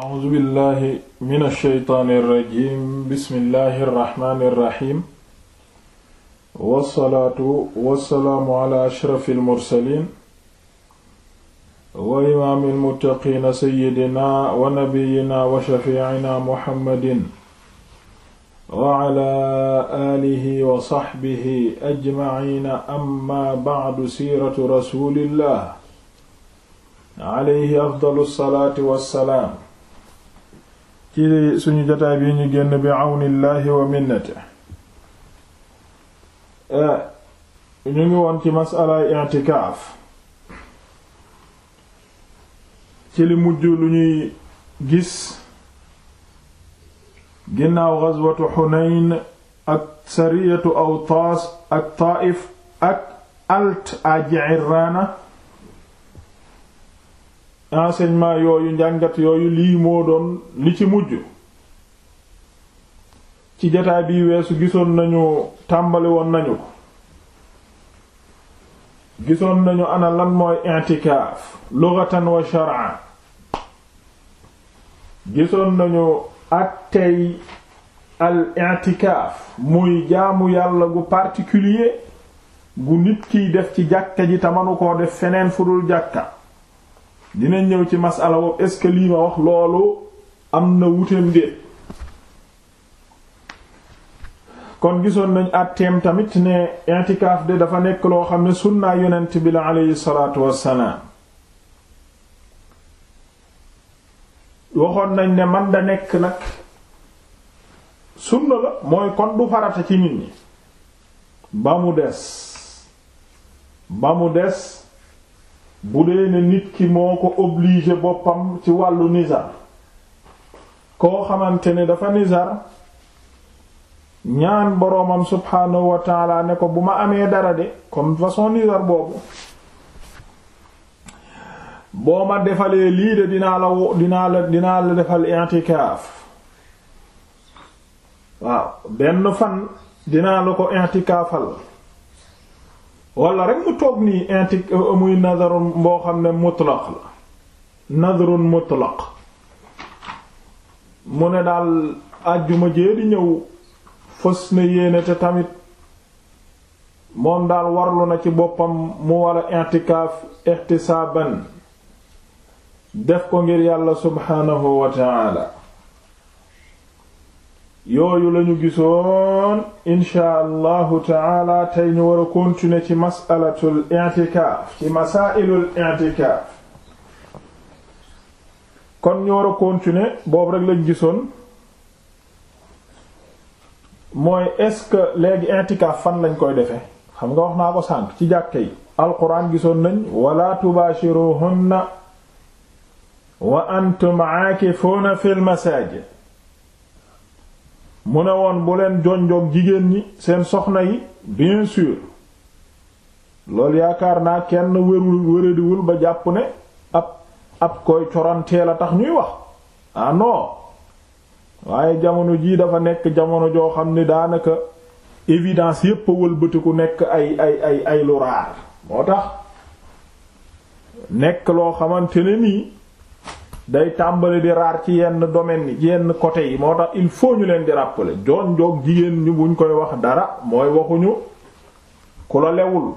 a'uuzu billahi mina shaytaani rajiim bismillahi rahmaani rahiim. wasalaatu wasalaamu ala ashrafil mursaliin. wa imaamil muttaqiina sayyidinaa wa nabiyyinaa wa shafiicinaa muhammadin. wa ala aalihi wa saxbihi ajmaciina amma bacdu siiratu rasuulillah. alayhi afdalu salaati wa salaam. ci suñu jotaay bi ñu génn bi àwnillaahi wa minnate eh, ñu ngi woon ci masalaay i'tikaaf ci li mujj lu gis ginnaaw ghazwatu Hunayn ak sariyatu Awtaas ak Taa'if ak alt a Ji'irraana enseignement yooyu njàngat yooyu lii moo doon li ci mujj ci jataay bii weesu gisoon nañu tàmbali woon nañu ko gisoon nañu ana lan mooy i'tikaaf lughatan wa shar'an gisoon nañu ak tey al i'tikaaf muy jaamu yàlla gu particulier gu nit kiy def ci jàkka ji manu ko def feneen fu dul jàkka dinañ ñëw ci masala boobu est lii ma wax loolu am na wuteem déet kon gisoon nañ àtteem tamit ne intikaaf de dafa nekk loo xam ne sunnaa yonent bi la aleyhi salaatu wassalaam waxoon nañ ne man da nekk nag sunna la mooy kon du farata ci nit ñi ba mu des ba mu des bu dee ne nit ki moo ko obligé boppam ci wàllu nizar koo xamante ne dafa nizar ñaan boroomam subhaanahu wa ne ko bu ma amee dara de comme façon nizar boobu boo ma defalee lii de dinaa la dinaa la dinaa la defal intikaaf waaw benn fan dinaa la ko intikaafal wala rek mu toog nii inti euh, muy nazarun boo xam ne mutlaq la nazarun mu ne daal àjjuma jee di ñëw fës na yéene te tamit moom daal warlu na ci boppam mu war a intikaaf ihtisaaban def ko ngir yàlla subhaanahu wa ta'ala yooyu lañu gisoon insha allahu taala tey ñu war a continuer ci masalatul i'tikaaf ci masaailul i'tikaaf kon ñu war a continuer boobu rek lañ gisoon mooy est-ce que léegi i'tikaaf fan lañ koy defee xam nga wax naa ko sànq ci jàkke yi alquran gisoon nañ wala tubaashiruhunna wa antum aakifuna fil masaajid mu ne woon bu leen jonjoog jigéen ñi seen soxna yi bien sûr loolu yaakaar naa kenn wérul wéradiwul ba jàpp ne ab ab koy coranteel a tax ñuy wax ah waaye jamono jii dafa nekk jamono joo xam ni daanaka évidence yépp a wëlbatiku nekk ay ay ay lu raar moo tax nekk loo xamante nii day tàmbali di raar ci yenn domaine yi yenn côté yi moo tax il faut ñu leen di rappeler doon joog jigéen ñu buñ koy wax dara mooy waxuñu ku la lewul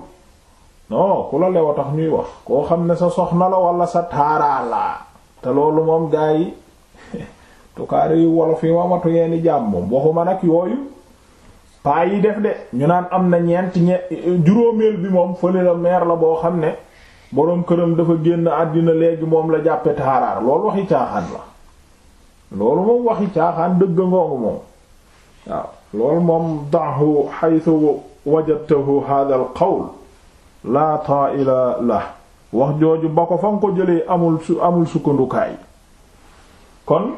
ku la a tax ñuy wax koo xam ne sa soxna la wala sa taaraa te loolu moom gaa yi tukaari yu wolof yi mamatu yenn jàmm moom waxuma nag yooyu paa yi def de ñu naan am na ñeent ñe juróomeel bi moom fële la meer la boo xam ne boroom këram dafa génn àddina léegi moom la jàppete taaraar loolu waxi caaxaan la loolu moom waxi caaxaan dëgg ngoongu moom waaw loolu moom da'hu haythu wajadtahu hadha al qawl la ta'ila la wax jooju ba ko fa nga ko jëlee amul su amul sukkandukaay kon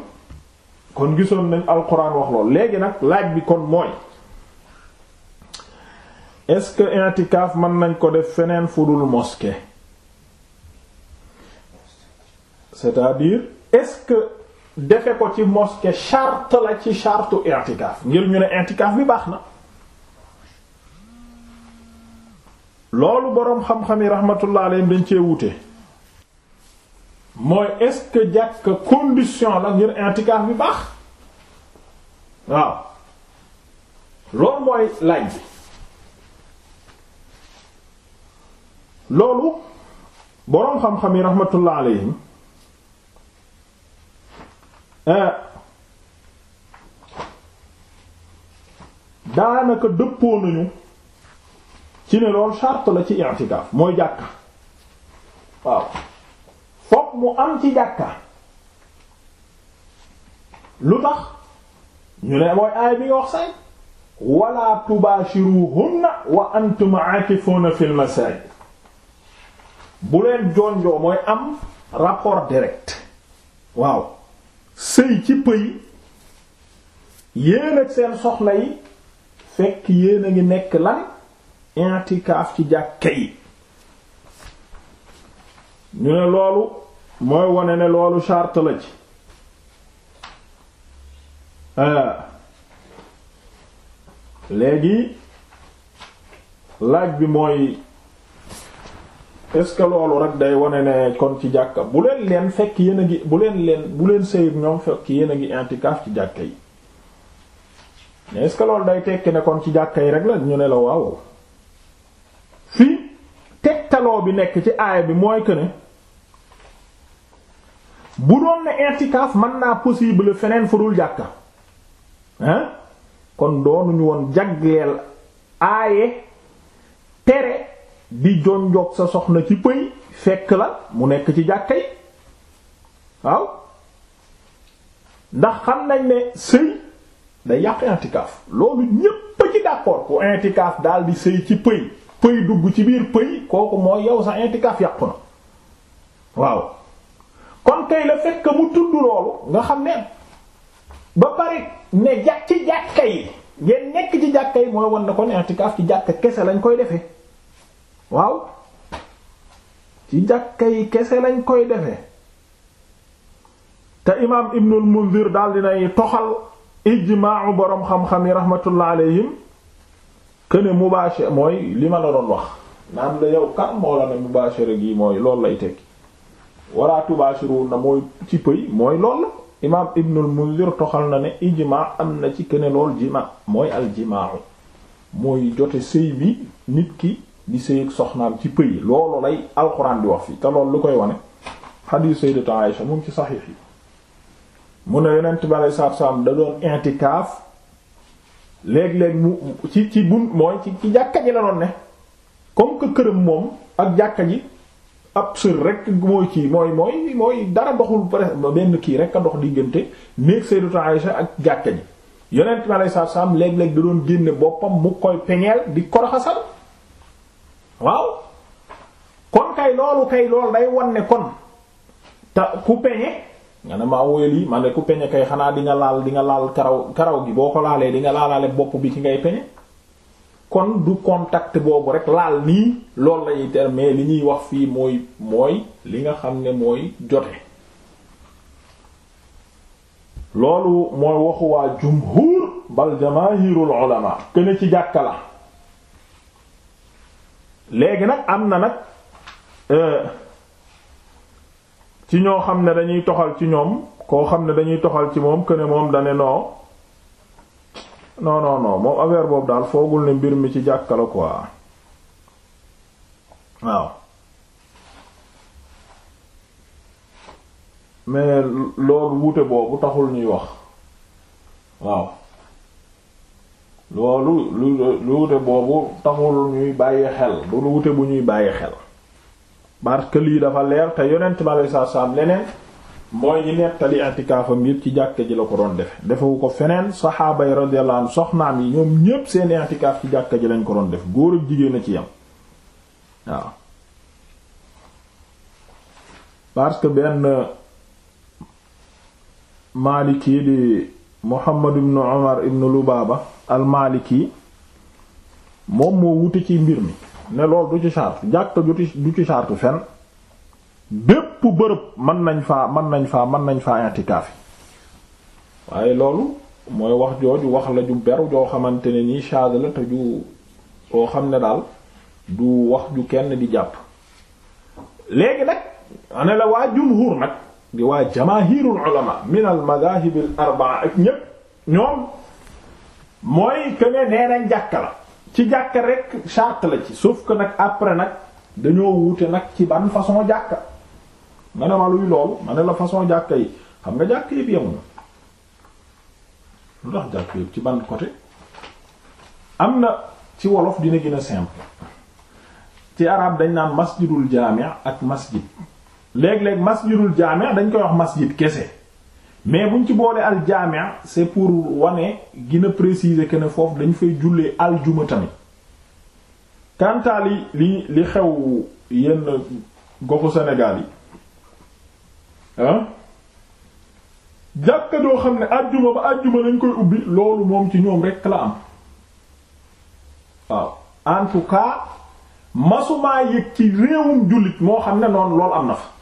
kon gisoon nañ alquran wax lool léegi nag laaj bi kon mooy est-ce que i'tikaf mën nañ ko def feneen fu dul mosquée c'est-à-dire est-ce que defe ko ci mosquée charte la ci chartu i'tikaf ngir ñu ne i'tikaf bi baax na loolu boroom xam-xam yi rahmatullah alayhim dañ cee wute mooy est-ce que jàkk condition la ngir i'tikaf bi baax waaw loolu mooy laaj bi loolu boroom xam-xam yi rahmatullah alayhim Eh. daanaka dëppoo nañu ci ne loolu charte la ci i'tikaaf mooy jàkka waaw fokk mu am ci jàkka lu tax ñu ne mooy aay bi nga wax say wa antum aakifuuna fil masaajid bu leen jonjoo mooy am rapport direct waaw sëy ci pëy yéen ak seen soxla yi fekk yéen a ngi nekk lan intikaaf ci jàkke yi ñu ne loolu mooy wone ne loolu charte la ci euh. léegi laaj bi mooy est-ce que loolu rek day wone ne kon ci jàkka bu leen leen fekk yéen a ngi bu leen leen bu leen sëyib ñoom fekk yéen a ngi intikaaf ci jàkka yi mais est day tekki ne kon ci jàkka yi rek la ñu ne la waaw fii tegtaloo bi nekk ci aaya bi mooy que ne bu doon ne intikaaf mën naa possible feneen fu dul jàkka hein kon doonuñu woon jagleel aaye tere di jonjoog sa soxna ci pëy fekk la mu nekk ci jàkka yi waaw ndax xam nañ ne sëy da yàq intikaaf loolu ñépp a ci d'accord ku intikaaf daal di sëy ci pëy pëy dugg ci biir pëy kooku moo yow sa intikaaf yàqu na waaw kon kay la fekk mu tudd loolu nga xam ne ba pare ne jàkk ci jàkka yi ngeen nekk ci jàkka yi mooy wan na kon intikaaf ci jàkka kese lañ koy defee waaw ci jàkka yi kese lañ koy defe te imaam ibnul mundir daal dinay toxal ijmaacu boroom xam yi rahmatullah alayhim këne mubaashir mooy li ma la doon wax naan la yow kan moo la ne mubaashir gi mooy loolu lay tekki wala tubaashiru na mooy ci pëy mooy lool la imaam ibnul mundir toxal na ne ijmaa am na ci këne lool jima mooy aljimaau mooy jote sëy bi nit ki di sëyeek soxnaam ci pëy loolu lay alxuraan di wax fii te loolu lu koy wane xadiis sayyidatu Aïsha mu ngi ci saxiix yi mu ne yonent bi alei saatu salaam da doon intikaaf léeg-léeg mu ci ci bun mooy ci ci jàkka ji la doon ne comme que këram moom ak jàkka ji ab sër rek mooy kii mooy mooy mooy dara doxul presque benn kii rek a dox diggante néeg sayyidatu Aïsha ak jàkka ji yonent bi alei saatu salaam léeg da doon génne boppam mu koy peñeel di koroxasal waaw kon kay loolu kay loolu day wan ne kon te ku peñe nga ne maa wóyal yi man ne ku peñe kay xanaa di laal di nga laal karaw karaw gi boo ko laalee di nga laalaale bopp bi ci ngay peñe kon du contact boobu rek laal nii loolu lay ter mais li ñuy wax fii mooy mooy li nga xam ne mooy jote loolu mooy waxu waa jumhur bal jamaahirul ulama kenn ci jàkka la léegi nag am na nag euh, ci ñoo xam ne dañuy toxal ci ñoom koo xam ne dañuy toxal ci moom que moom dane noo non non non moom affaire boobu daal foogul ne mbir mi ci jàkka la quoi waaw mais loolu wuute boobu taxul ñuy wax waaw loolu lu lu wute boobu taxul ñuy bàyyi xel du lu wute bu ñuy bàyyi xel parce que lii dafa leer te yonent ma lay saa saam leneen mooy ñi nettali intikaafam yépp ci jàkka ji la ko doon defe defewu ko feneen saxaaba yi radiyallahu anhum yi ñoom ñépp seen intikaaf ci jàkka ji lañ ko doon def góor ak jigéen a ci yam waaw parce que benn Maliki di Muhammad ibn Umar ibn Lubaaba al-Maliki moom moo wute ci mbir mi ne loolu du ci charte jàkka du ci charte fenn bépp bërëb mën nañ faa mën nañ faa mën nañ faa i'tikaaf waaye loolu mooy wax jooju wax la ju beru joo xamante ne nii charge la te ju soo xam ne daal du wax ju kenn di jàpp léegi nag ane la waa jumhur nag di waa jamaahirul ulama min al madahib al arba'a ak ñépp ñoom mooy que ne nee la ci jàkka rek charte la ci suuf que nag après nag dañoo wuute nag ci ban façon jàkk nga ne ma luy loolu ma ne la façon jàkk yi xam nga jàkka yëpp yemuñu lu tax jàkka yëpp ci ban côté am na ci wolof dina gën a simple ci arab dañ naan masjidul jaami' ak masjid léeg-léeg masjidul jaami' dañ koy wax masjid kese mais buñ ci boolee aljaamia c'est pour wane gën a préciser ne foofu dañu fay jullee aljuma tamit kantaa li li xew yenn goxu Sénégal yi ah jàkka doo xam ne àjjuma ba àjjuma lañ koy ubbi loolu moom ci ñoom rekk la am waaw en masumaa yëg ci réewum jullit moo xam ne noonu loolu am na fa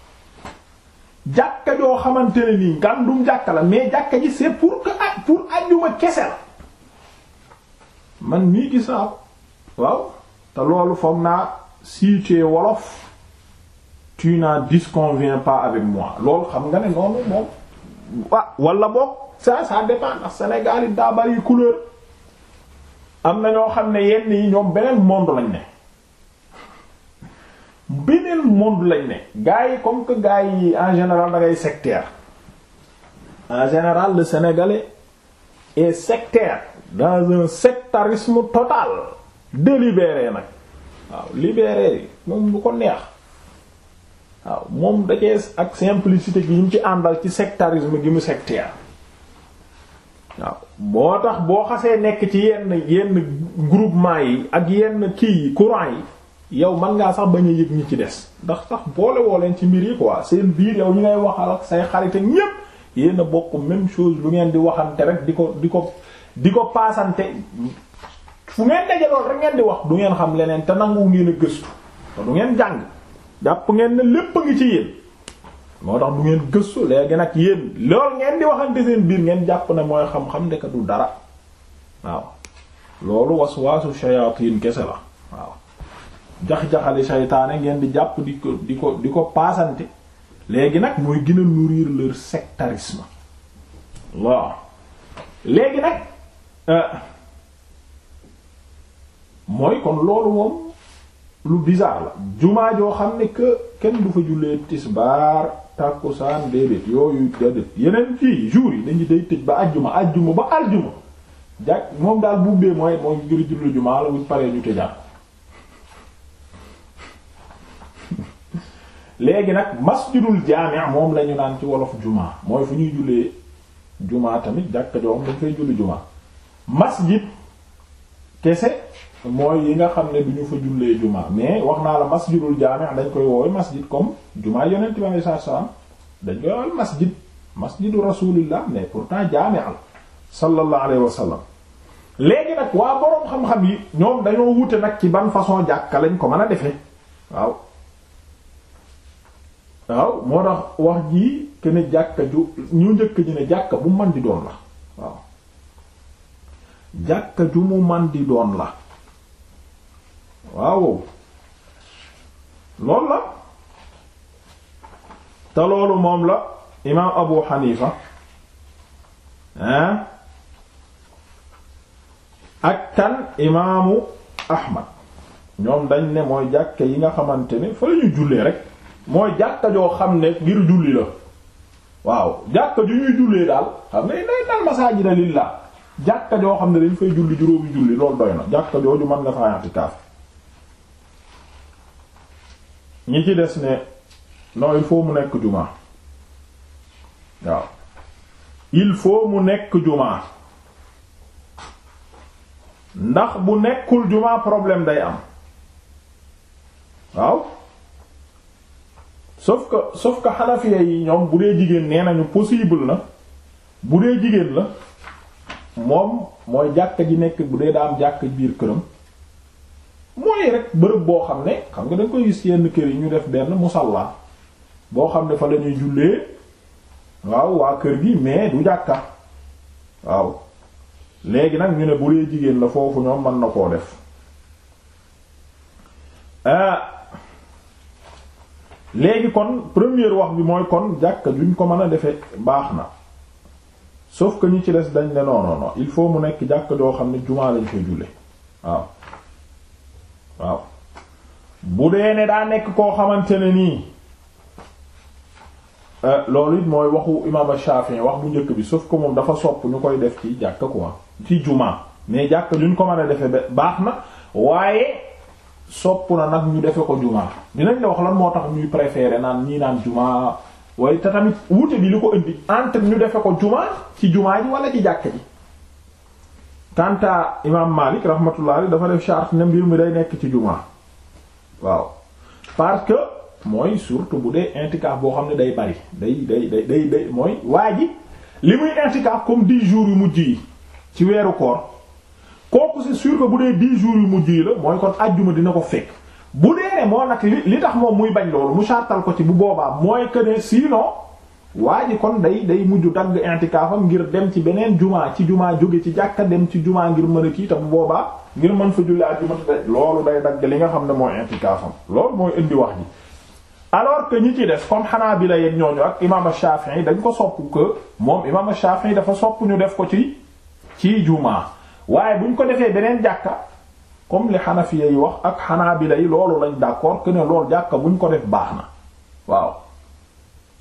jàkka joo xamante ne nii ngàndum jàkka la mais jàkka ji c'est pour que pour ajjuma kese la man nii gis naa waaw te loolu foog naa si wolof tu n'en disconviens pas avec moi loolu xam nga ne noonu moom ah wala boog ça ça dépend ndax Sénégal daa bari couleur am na ñoo xam ne yenn yi ñoom beneen monde lañ ne beneen monde lañ ne gars yi comme que gars yi en général da ngay en général le sénégalais est sectaire dans un sectarisme total délibéré nag waaw libéré moom bu ko neex waaw moom da ak simplicité bi ñu ci àndal ci sectarisme gi mu sectaire waaw moo tax boo xasee nekk ci yenn yenn groupement yi ak yenn kii yi courant yi yow man ngaa sax bañ a yëg ñi ci des ndax sax boole woo leen ci mbir yi quoi seen biir yow ñu ngay waxal ak say xarit ak ñépp yéen a bokk même chose lu ngeen di waxante rek di ko di ko di ko paasante fu ngeen ngeen di wax du ngeen xam leneen te nangu ngeen a gëstu ngeen jàng jàpp ngeen ne lépp a ngi ci yéen moo tax du ngeen gëstu léegi nag yéen lool ngeen di waxante seen biir ngeen jàpp ne mooy xam-xam ndeke du dara waaw loolu waswaasu shayatin kese la waaw jax jaxale seytaane ngeen di jàpp di ko di ko di ko paasante léegi nag mooy gën a nourrir leur sectarisme waaw léegi nag euh, mooy kon loolu moom lu bizarre la jumaa joo xam ne que kenn du fa jullee tisbaar tàkkusaan déedéet yooyu déedéet yeneen fii jours yi dañu day tëj ba àjjuma àjjuma ba àjjuma jàkk moom daal bu bubbee mooy mooy ngir julli jumaa la bu paree ñu tëjaat léegi nag masjidul jaami' moom la naan ci wolof jumaa mooy fu ñuy jullee jumaa tamit jàkka joo dañ fay julli juma masjid kese mooy yi nga xam ne du ñu fa jullee juma mais wax naa la masjidul jaami' dañ koy woowe masjid comme juma yonent bi alayhi salaam dañ koy woowe masjid masjidu rasulillah mais pourtant jaami' la sallallahu alayhi wa sallam léegi nag waa boroom xam-xam yi ñoom dañoo wute nag ci ban façon jàkka lañ ko mën a defee waaw. waaw moo tax wax jii que ne jàkka ju ñu njëkk ñu ne jàkka bu man doon la waaw jàkka ju mu man doon la waaw loolu la te moom la imaam Abu Hanifa hein ak tan imaamu Ahmad ñoom dañ ne mooy jàkka yi nga xamante ne fa lañu jullee rek mooy jàkka joo xam ne ngir julli la waaw jàkka ju ñuy jullee daal xam ne day dal masaajida lillah jàkka joo xam ne dañ fay julli juróomi julli loolu doy na jàkka jooju mën nga faa i'tikaaf ñi ci des ne non il faut mu nekk jumaa waaw il faut mu nekk jumaa ndax bu nekkul jumaa problème day am waaw sauf que sauf que xanafiya yi ñoom bu dee jigéen nee nañu possible na bu dee jigéen la moom mooy jàkk ji nekk bu dee daa am jàkk biir këram mooy rek bërëb boo xam ne xam nga dañ nga koy gis yenn kër yi ñu def benn musalla boo xam ne fa la ñuy jullee waaw waa kër gi mais du jàkka waaw léegi nag ñu ne bu dee jigéen la foofu ñoom mën na koo def ah. léegi kon première wax bi mooy kon jàkka juñ ko mën a defee baax na sauf ko ñu ci des dañ ne non il faut mu nekk jàkka joo xam ne jumaa lañ koy jullee waaw waaw bu dee ne daa nekk koo xamante ne nii eh, loolu it mooy waxu imaam Shafi'i wax bu njëkk bi sauf ko moom dafa sopp ñu koy def ci jàkka quoi ci jumaa mais jàkka juñ ko man a defee baax na waaye. sopp na nag ñu defe ko jumaa dinañ la wax lan moo tax ñuy préférer naan ñii naan jumaa waaye te tamit wuute bi li ko indi entre ñu defe ko jumaa ci jumaa ji wala di jàkka ji kanta imam Malik rahmatullah alayhi dafa def charte ne mbir mu day nekk ci jumaa waaw parce que mooy surtout bu dee intikaaf boo xam ne day bari day day day day day mooy waa ji li muy intikaaf comme dix jours yu mujj yi ci weeru koor kooku c'est sûr que bu dee dix jours yu mujj yi la mooy kon ajjuma dina ko fekk bu dee ne moo nag li li tax moom muy bañ loolu mu sartal ko ci bu boobaa mooy que ne sinon waa kon day day mujj dagg intikaafam ngir dem ci beneen jumaa ci jumaa jóge ci jàkka dem ci jumaa ngir mën a kii te bu boobaa ngir mën fa julli ajjuma te loolu day dagg li nga xam ne mooy intikaafam loolu mooy indi wax ji alors que ñi ci des comme xanaa bi la yeg ñooñu ak imam Shafi'i dañ ko sopp que moom imam Shafi'i dafa sopp ñu def ko ci ci jumaa waaye buñ ko defee beneen jàkka comme li xanafiya yi wax ak xanaabila yi loolu lañ d'accord que ne loolu jàkka buñ ko def baax na waaw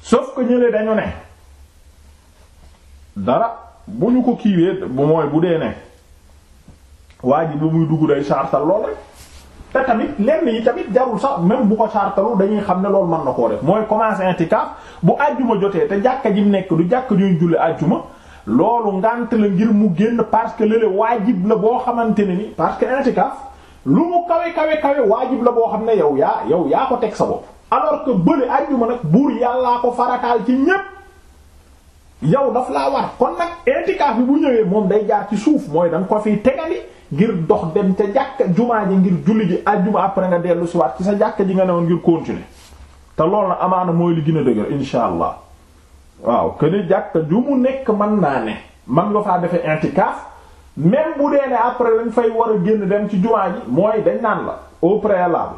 sauf que ñële dañu ne dara bu ñu ko kiiwee bu mooy bu dee ne waa ji bu muy dugg day sartal lool rek te tamit lenn yi tamit jarul sax même bu ko sartalu dañuy xam ne loolu mën na koo def mooy commencer intikaaf bu àjjuma jotee te jàkka ji mu nekk du jàkka ñuy julli àjjuma loolu ngànt la ngir mu génn parce que lële waajib la boo xamante ne ni parce que i'tikaf lu mu kawe kawe kawe waajib la boo xam ne yow yaa yow yaa ko teg sa bopp alors que bële àjjuma nag buur yàllaa ko farataal ci ñépp yow daf laa war kon nag i'tikaf bi bu ñëwee moom day jaar ci suuf mooy da ko fii tegali ngir dox dem ca jàkk jumaa ji ngir julli ji àjjuma après nga dellu si ci sa jàkk ji nga newoon ngir continuer te loolu na amaana mooy li gën a dëgër allah waaw que ni jàkka ju mu nekk mën naa ne man nga faa defee intikaaf même bu dee ne après lañ fay war a génn dem ci jumaa ji mooy dañ naan la au préalable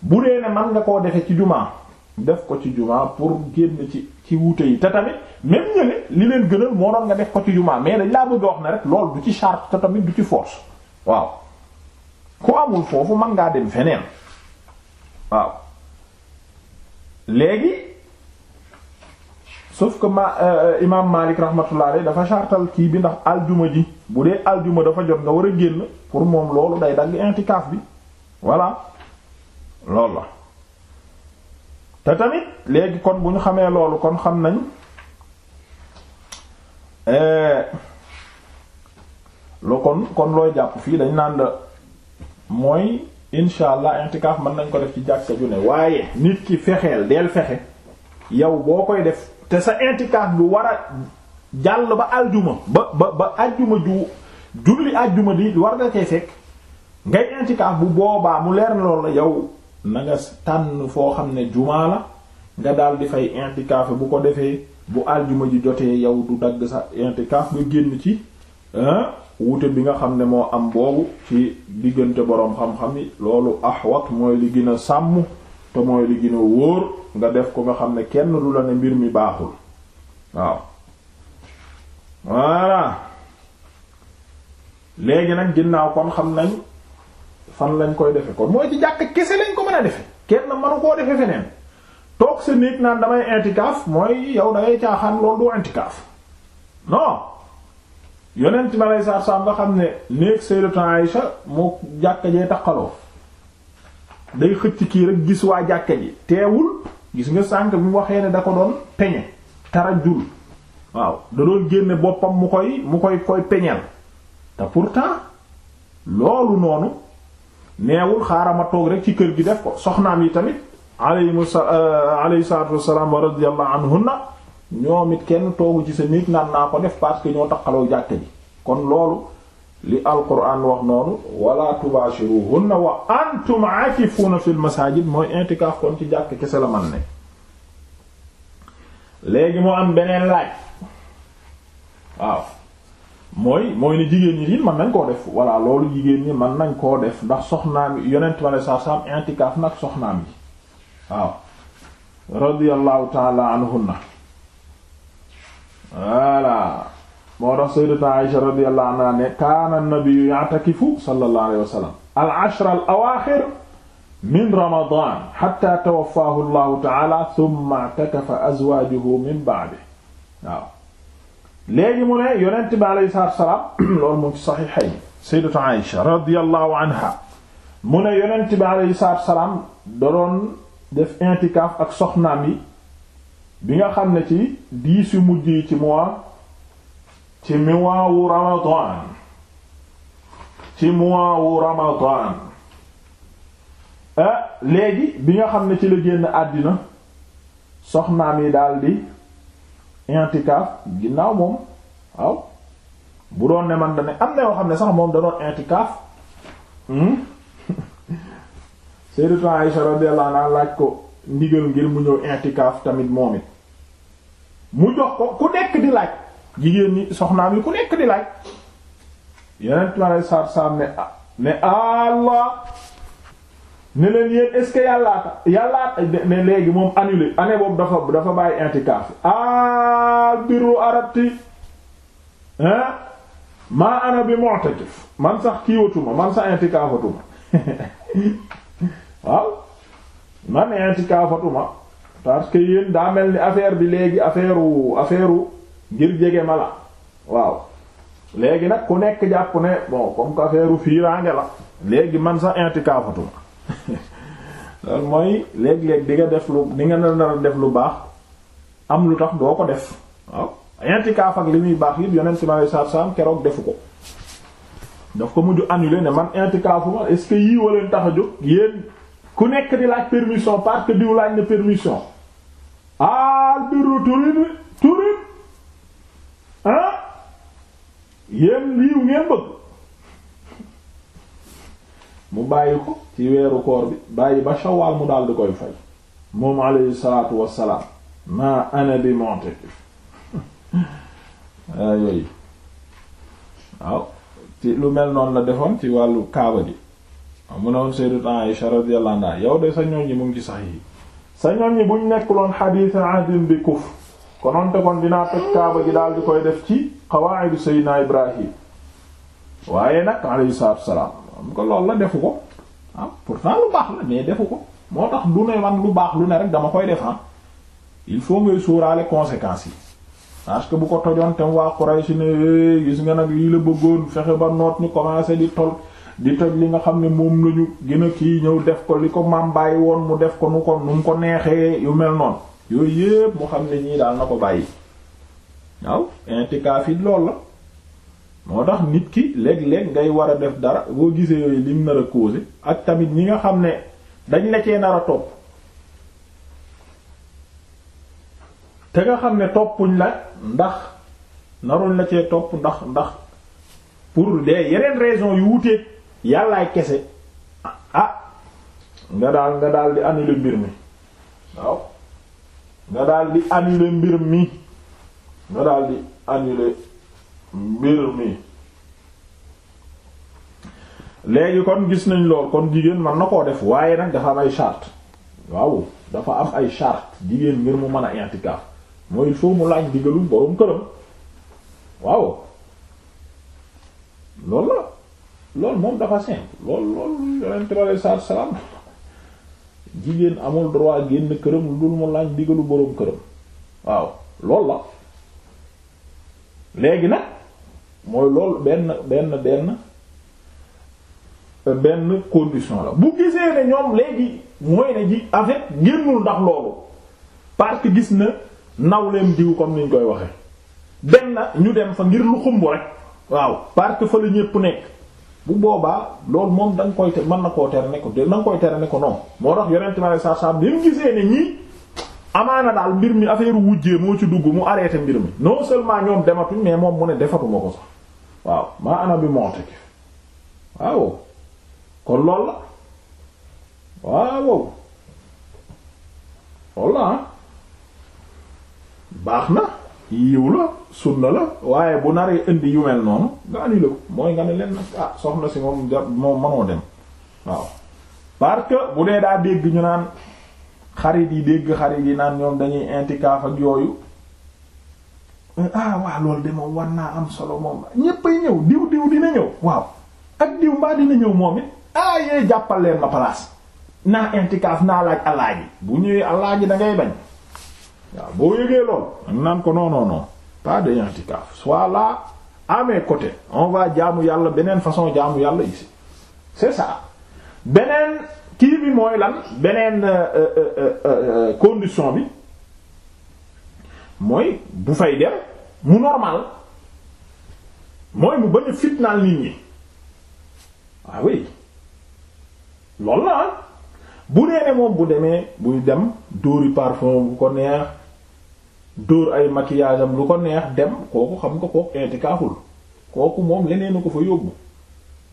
bu dee ne man nga koo defee ci jumaa def ko ci jumaa pour génn ci ci wuute yi te tamit même ñële li leen gënal moo doon nga def ko ci jumaa mais dañ laa bëgg wax ne rek lool du ci charte te tamit du ci force waaw ku amul foofu man ngaa dem feneen waaw léegi sauf que ma euh, imaam Malik rahmatullah alayhi dafa chartal kii bi ndax aljuma ji bu dee aljuma dafa jot nga war a génn pour moom loolu day dagg intikaaf bi voilà loolu la te tamit léegi kon bu ñu xamee loolu kon xam nañ euh, lo kon kon looy jàpp fii dañ naan la mooy insha allah intikaaf mën nañ ko def ci jàkka ju ne waaye nit ki fexeel del fexe yow boo koy def te sa intikaaf bi war a jàll ba aljuma ba ba ba aljuma ju julli aljuma di war nga koy fekk ngay intikaaf bu boobaa mu leer na lool la yow nanga nga tànn foo xam ne jumaa la nga daal di fay intikaaf bu ko defee bu aljuma ji jotee yow du dagg sa intikaaf nga génn ci wute bi nga xam ne moo am boobu ci diggante boroom xam-xam yi loolu ahwat mooy li gën a sàmm te mooy li gën a wóor nga def ko nga xam ne kenn du la ne mbir mi baaxul waaw voilà léegi nag ginnaaw kon xam nañ fan lañ koy defe kon mooy ci jàkk kese lañ ko mën a defe kenn manu koo defe feneen toog sa nit naan damay intikaaf mooy yow dangay caaxaan loolu du intikaaf non yonent ma lay saar saam nga xam ne néeg Sayyidatu Aïsha moo jàkk jee takkaloo day xëcc kii rek gis waa jàkka ji teewul gis nga sànk bi mu waxee ne da ko doon peñe tarajul waaw da génne boppam mu koy mu koy koy peñeel te pourtant loolu noonu neewul xaaral ma toog rek ci kër gi def ko soxnaam yi tamit euh, alayhi salaatu wassalaam wa radiyallahu anhunna ñoom it kenn toogu ci sa nit naan naa ko def parce que ñoo taqaloo jàkka ji kon loolu li alquran wax noonu wala tubashiruhunna wa antum aakifuna fil masajid mooy intikaaf kon ci jàkk kese la man ne léegi moo am beneen laaj waaw mooy mooy ne jigéen ñi it mën nañ koo def walla loolu jigéen ñi man nañ koo def ndax soxnaam yi yonent ma ne saa intikaaf nag soxnaam yi waaw radiyallahu ta'ala anhunna walla moo tax sayyidatuna Aisha radiyallahu anha ne kaana an-nabiyyu ya'takifu sallallahu alayhi wa sallam al-ashr al-awaakhir min ramadan hatta tawaffahu Allahu ta'ala thumma i'takafa azwaajuhu min ba'dihi waaw léegi mu ne yonent bi alayhi salaatu wa salaam loolu mu ci saxiixayn sayyidatuna Aisha radiyallahu anha mu ne yonent bi alayhi salaatu wa salaam da doon def intikaaf ak soxnaam yi bi nga xam ne ci diis yu mujj yi ci mois ci mois wu ramadan ci mois wu ramadan ah, léegi bi nga xam ne ci la génn àddina soxnaam yi daldi intikaaf ginnaaw moom waaw bu doon ne man da ne am na yoo xam ne sax moom da doon intikaaf hmm? Sayyidatu Aisha radiyallahu anha laaj ko ndigal ngir mu ñëw intikaaf tamit moom it mu jox ko ku nekk di laaj jigéen ñi soxnaam yi ku nekk di laaj yeneen ma lay saar ne ah ne allah ne leen yéen est yàllaata yàllaata ne léegi moom annulé année boobu dafa dafa bàyyi intikaaf ah arabti hein maa ana bi mu'takif man sax kiiwatuma man sax intikaafatuma waaw man intikaafatuma parce que yéen daa mel ni affaire bi léegi affaire affaire ngir jege ma la waaw léegi nag ku nekk jàpp ne bon comme que affaire fiiraange la léegi man sax intikafatuma loolu mooy léeg-léeg di nga def lu di nga nar a def lu baax am lu tax doo ko def waaw intikaaf ak li muy baax yëpp yonent si ma sar sam keroog defu ko daf ko mujj annulé ne man intikaafuma est-ce que yii waleen tax a jóg yéen ku nekk di laaj permission parce que diw laaj na permission al birru turid turid ah yéen liiw ngeen bëgg mu bàyyi ko ci weeru koor bi bàyyi ba shawaal mu daal di koy fay moom alayhi salaatu wassalaam ma ana bi monte yooyu waaw ci lu mel noonu la defoon ci wàllu kaaba gi mu ne woon Sayyidatu Aisha radiyallahu anha yow de sa ñoñ yi mu ngi ci sax yi sa ñoñ yi buñ nekkuloon xadiisa ahdin bi kufr kononte kon dinaa toj kaaba gi daal di koy def ci xawaayidu seydina ibrahim waaye nag alayhi salaatu wassalaam am ko lool la defu ko ah pourtant lu baax la mais defu ko moo tax du ne man lu baax lu ne rek dama koy def ah il faut ngay suuraale conséquences yi parce que bu ko tojoon tam waa Quraysh ne eh, gis nga nag lii la bëggoon fexe ba noot ñu commencé di tol di toj li nga xam ne moom lañu gën a kii ñëw def ko li ko maam bàyyi woon mu def ko nu ko nu mu ko neexee yu mel noonu yooyu yépp mu xam ne ñii daal na ko bàyyi waaw intikaaf it lool la moo tax nit ki léeg-léeg ngay war a def dara boo gisee yooyu lim nar a causé ak tamit ñi nga xam ne dañ la cee nar a topp te nga xam ne toppuñ la ndax naruñ la cee topp ndax ndax pour de yeneen raisons yu wuteeg yàllaay kese ah nga daal nga daal di annuler mbir mi waaw nga daldi annuler mbir mi nga daldi annuler mbir mi léegi kon gis nañ lool kon jigéen man na koo def waaye nag dafa am ay charte waaw dafa am ay charte jigéen ngir mu mën a intikaaf mooy il faut mu laaj digalul boroom këram waaw loolu la moom dafa simple lool loolu yonent bi alayhi salaatu wa salaam jigéen amul droit génn këram lu dul mu laaj digalu boroom këram waaw loolu la léegi nag mooy loolu benn benn benn benn condition la bu gisee ne ñoom léegi mooy ne ji en fait génnul ndax loolu parce gis na nawleem diw comme niñ koy waxe benn na ñu dem fa ngir lu xumb rek waaw parce que fa la ñépp nekk bu boobaa loolu moom da nga koy mën na koo tere ne ko da nga koy tere ne ko non moo tax yonent ma saa saa bi mu gisee ne ñii amaana daal mbir mi affaire wujjee moo ci dugg mu arrêté mbir mi non seulement ñoom dematuñ mais moom mu ne defatuma ko sax waaw maa ana bi monte waaw kon loolu la waaw loolu la ah. baax na yiw la sunna la waaye bu naree indi yu mel noonu nga annulé ko mooy nga ne leen nag ah soxna si moom ja moom manoo dem waaw parce bu dee daa dégg ñu naan xarit yi dégg xarit yi naan ñoom dañuy intikaaf ak yooyu ah waaw loolu de moom naa am solo moom ñépp ay ñëw diw diw dina ñëw waaw ak diw mbaa dina ñëw moom it ah yee jàppal leen ma place naa intikaaf naa laaj alaaji bu ñëwee alaaji ji ngay bañ. waaw boo yëgee lool danga naan ko non non non pas de i'tikaf soit là à mes côtés jaamu yàlla beneen façon jaamu yàlla ici c'est ça beneen kii bi mooy lan beneen euh, euh, euh, condition bi mooy bu fay dem mu normal mooy mu bañ fitnaal nit ñi ah oui loolu bu nee moom bu demee buy dem dóori parfum bu ko neex dóor ay maquillage am lu ko neex dem kooku xam nga kooku intikaaful kooku moom leneen a ko fa yóbbu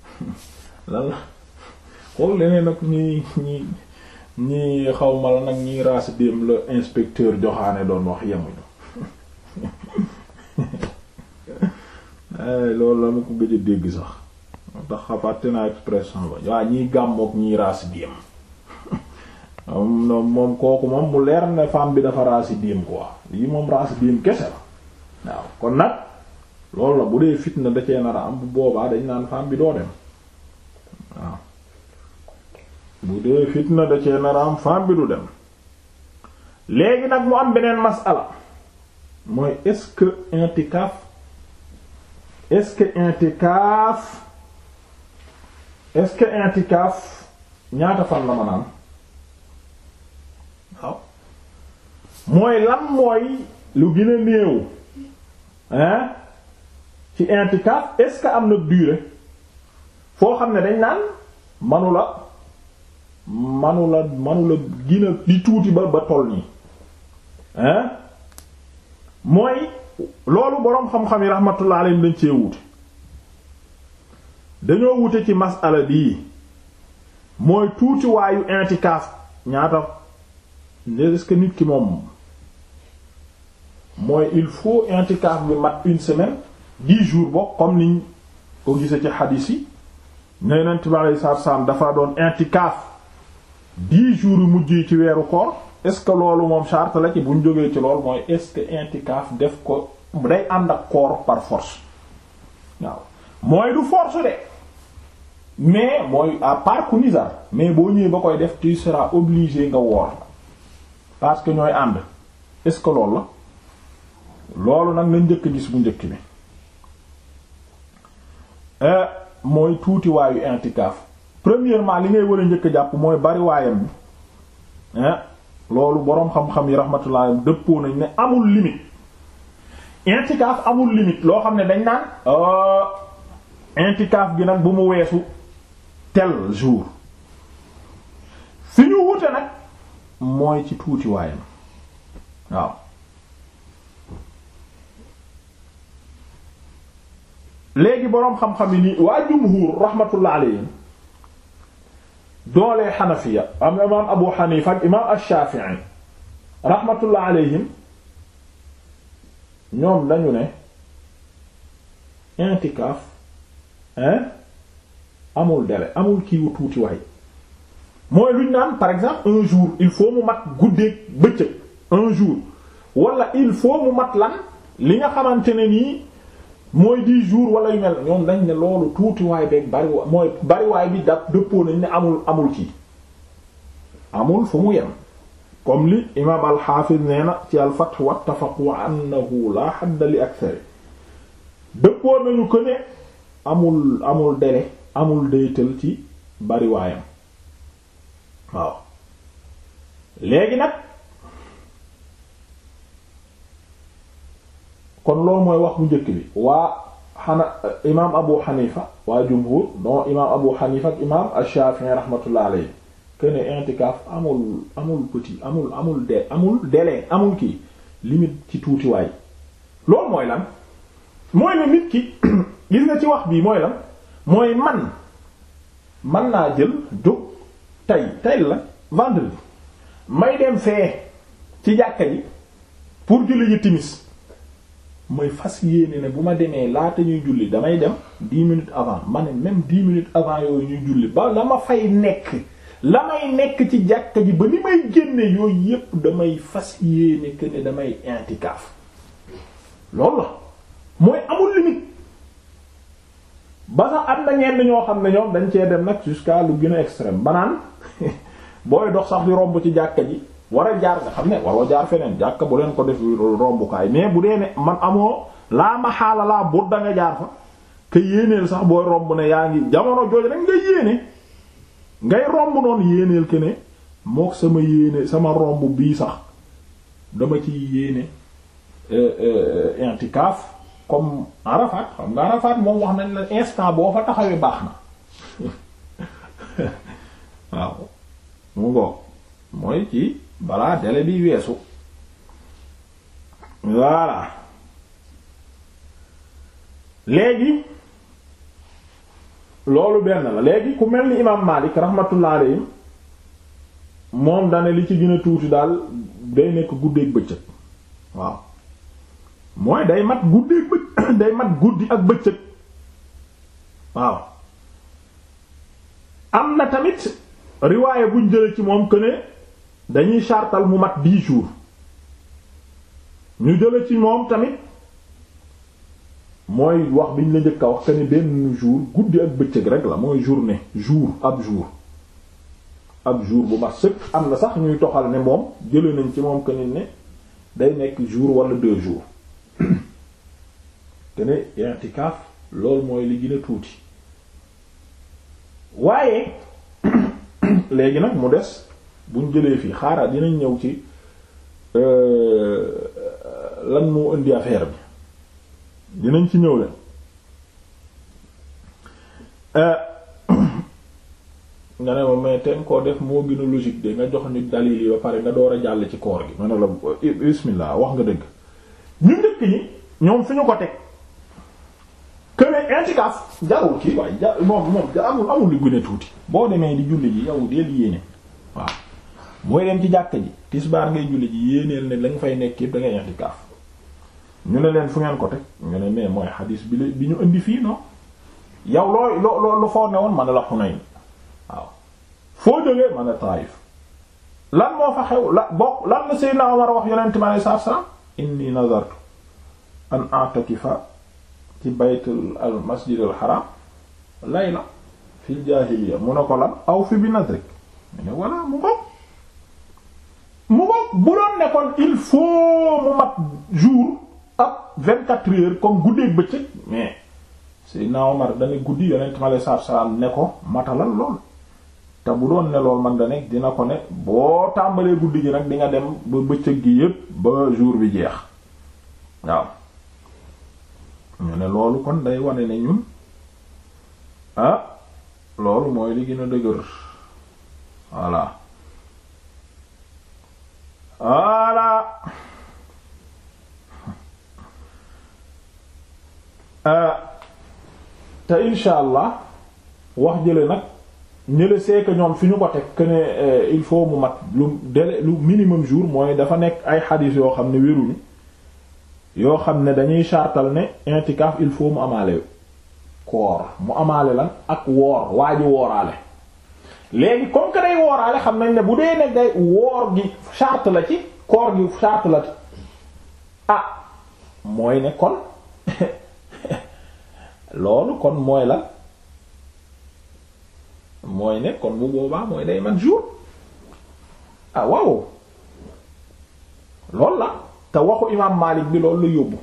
lan la kooku leneen ak ñi ñi ñi xaw ma la nag ñi raas la inspecteur joxaane doon wax yemuñu eh, loolu la ma ko gëj a dégg sax ndax xabaate naa expression ba waa ñiy gàmmook ñiy raas dem moom kooku moom mu leer ne femme bi dafa raasi dem quoi lii moom raas biim kese la waaw kon nag loolu la bu dee fitna da cee nar am bu boobaa dañ naan femme bi doo dem waaw bu dee fitna da cee nar a bi du dem léegi nag mu am beneen masala mooy est-ce que intikaaf est-ce que intikaaf est-ce que intikaaf ñaata fan la ma naan mooy lan mooy lu gën a néew ci i'tikaf est-ce que am na durée foo xam ne dañ naan manu la manu gina manu tuuti ba ba toll nii hein mooy loolu boroom xam-xam yi rahmatullah alayhim dañ cee wute dañoo wute ci masala bii mooy tuutiwaayu i'tikaf ñaata est-ce que nit ki moom mooy il faut intikaaf bi mat une semaine dix jour bokk comme niñ ko gisee ci xadiis yi ne Yonent bi alayhi dafa doon intikaaf dix jours yu mujj yi ci weeru koor est-ce que loolu moom charte la ci bu buñ jógee ci lool mooy est-ce que intikaaf def ko day ànd ak koor par force waaw mooy du force de mais mooy à part mais boo ñuy ba koy def tu seras nga woor parce que ñooy ànd est-ce que loolu la. loolu nag lañ njëkk gis bu njëkk bi e, mooy tuuti waayu intikaaf premièrement li ngay war a njëkk jàpp mooy bari waayam bi e, loolu boroom xam-xam yi rahmatullah dëppoo nañ ne amul limite intikaaf amul limite loo xam ne dañ naan e, intikaaf gi nag bu mu weesu tel jour fi ñu wute nag mooy ci tuuti waayam waaw léegi boroom xam-xam yi nii waa jumhur rahmatullah alayhim doolee xanafiya am imaam abu xanifa ak imaam ash-shafi'i rahmatullah alayhim ñoom dañu ne intikaaf hein amul délai amul kiiwu tuuti waay mooy luñ naan par exemple un jour il faut mu mat guddeeg bëccëg un jour wala il faut mu mat lan li nga xamante ne nii mooy dix jours wala yu mel ñoom dañ ne loolu tuutiwaay beeg bariwaay mooy bariwaay bi daf dëppoo nañ ne amul amul ci amul fu mu yem comme li imaam alxaafis nee na ci alfath wattafaqu annahu la xadda li akthari dëppoo nañu ko amul amul délai amul daytal ci bariwaayam waaw léegi nag kon loolu mooy wax bu njëkk bi waa xana imaam Abu Hanifa waa jumhur don imaam Abu Hanifa ak imaam Ash-Shafi'i rahmatullah alayhi que intikaaf amul amul petit amul amul de amul délai amul kii limite ci tuuti waay loolu mooy lan mooy ne nit ki gis nga ci wax bii mooy lan mooy man man naa jël jóg tey tey la vendredi may dem fee ci jàkka ji pour julli ji timis mooy fas yéene ne bu ma demee laata ñuy julli damay dem dix minutes avant ma ne même dix minutes avant yooyu ñuy julli ba la ma fay nekk la may nekk ci jàkka ji ba ni may génne yooyu yépp damay fas yéene que damay intikaaf loolu la mooy amul limite ba sax am na ñenn ñoo xam ne ñoom dañ cee dem nag jusqu'à lu gën a extrême banaan booy dox sax di romb ci jàkka ji war a jaar nga xam ne waroo jaar feneen jàkk bu leen ko def rombukaay mais bu dee ne man amoo laa ma xaalalaa laa but da jaar fa te yéeneel sax boo romb ne yaa ngi jamono jooju rek nga yéene ngay romb noonu yéeneel ki ne mook sama yéene sama romb bii sax dama ci yéene euh, euh, intikaaf comme Arafat xam nga Arafat moom wax nañ la instant boo fa taxawee baax na waaw mu ngoog mooy ci balaa délai bi weesu voilà léegi loolu benn la léegi ku mel ni imaam Maalik rahmatullah alayhi moom dane li ci gën tuuti daal day nekk guddeeg bëccëg waaw mooy day mat guddeeg bëccëg day mat guddi ak bëccëg waaw am na tamit riwaaye buñ jële ci moom que dañuy chartal mu mat dix jours ñu jële ci moom tamit mooy wax biñ la jëkk a wax que ni benn jour guddi ak bëccëg rek la mooy journée jour ab jour ab jour bu mat sëkk am na sax ñuy toxal ne moom jële nañ ci moom que ni ne day nekk jour walla deux jours te ne i'tikaaf loolu mooy li gën a tuuti waaye léegi nag mu des buñ jëlee fii xaaral dinañ ñëw ci euh, lan moo indi affaire bi dinañ ci ñëw leen euh, nga ne ma mais teen koo def moo gën a logique de nga jox nit dalil yi pare nga door a jàll ci koor gi ma ne la bismillah wax nga dëgg ñu njëkk ñi ñoom fi ñu ko teg këne intikaaf jarul kii waaye ja moom moom amul amul lu tuuti boo demee di julli ji yow deel yéene waaw mooy dem ci jàkka ji tisbaar ngay julli ji yéeneel ne la fay nekk yëpp da ngay i'tikaaf ñu ne leen fu ngeen ko teg ñu ne mais mooy xadiis bi la bi ñu indi fii non yow loo loo lu foo ne woon man la Xunayn waaw foo jógee man a Taayif lan moo fa xew la bokk lan la Seydina Umar wax Yonent mi alayhi salaatu salaam inni nazartu an a'takifa ci baytul al masjidil haram layla fil jaahiliya mu ne ko lan aw fi bi nazrik ne walla mu bokk bu doon nekkoon il faut mu mat jour ab vingt-quatre heures comme guddeeg bëccëg mais Seydina Omar dana guddi yonent mi aleyhi salaatu ne ko matalal lool te bu doon ne man da dina ko ne boo tàmbalee guddi gi nag di nga dem ba bëccëg gi yépp ba jour bi jeex waaw ñu ne loolu kon day wane ne ñun ah loolu mooy li gën a dëgër voilà voilà euh, te insha allah wax jële nag ñële seeka ñoom fi ñu ko teg ne euh, il faut mu mat lu délai lu minimum jour mooy dafa nekk ay xadiis yoo xam ne wéruñu yoo xam ne dañuy chartal ne intikaaf il faut mu amaale koor mu amaale lan ak woor waa wooraale léegi comme que day wooraale xam nañ ne bu dee ne day woor gi charte la ci koor gi charte la ci ah mooy ne kon loolu kon mooy la mooy ne kon bu boobaa mooy day man jour ah waaw loolu la te waxu imaam Maalik bi loolu la yóbbu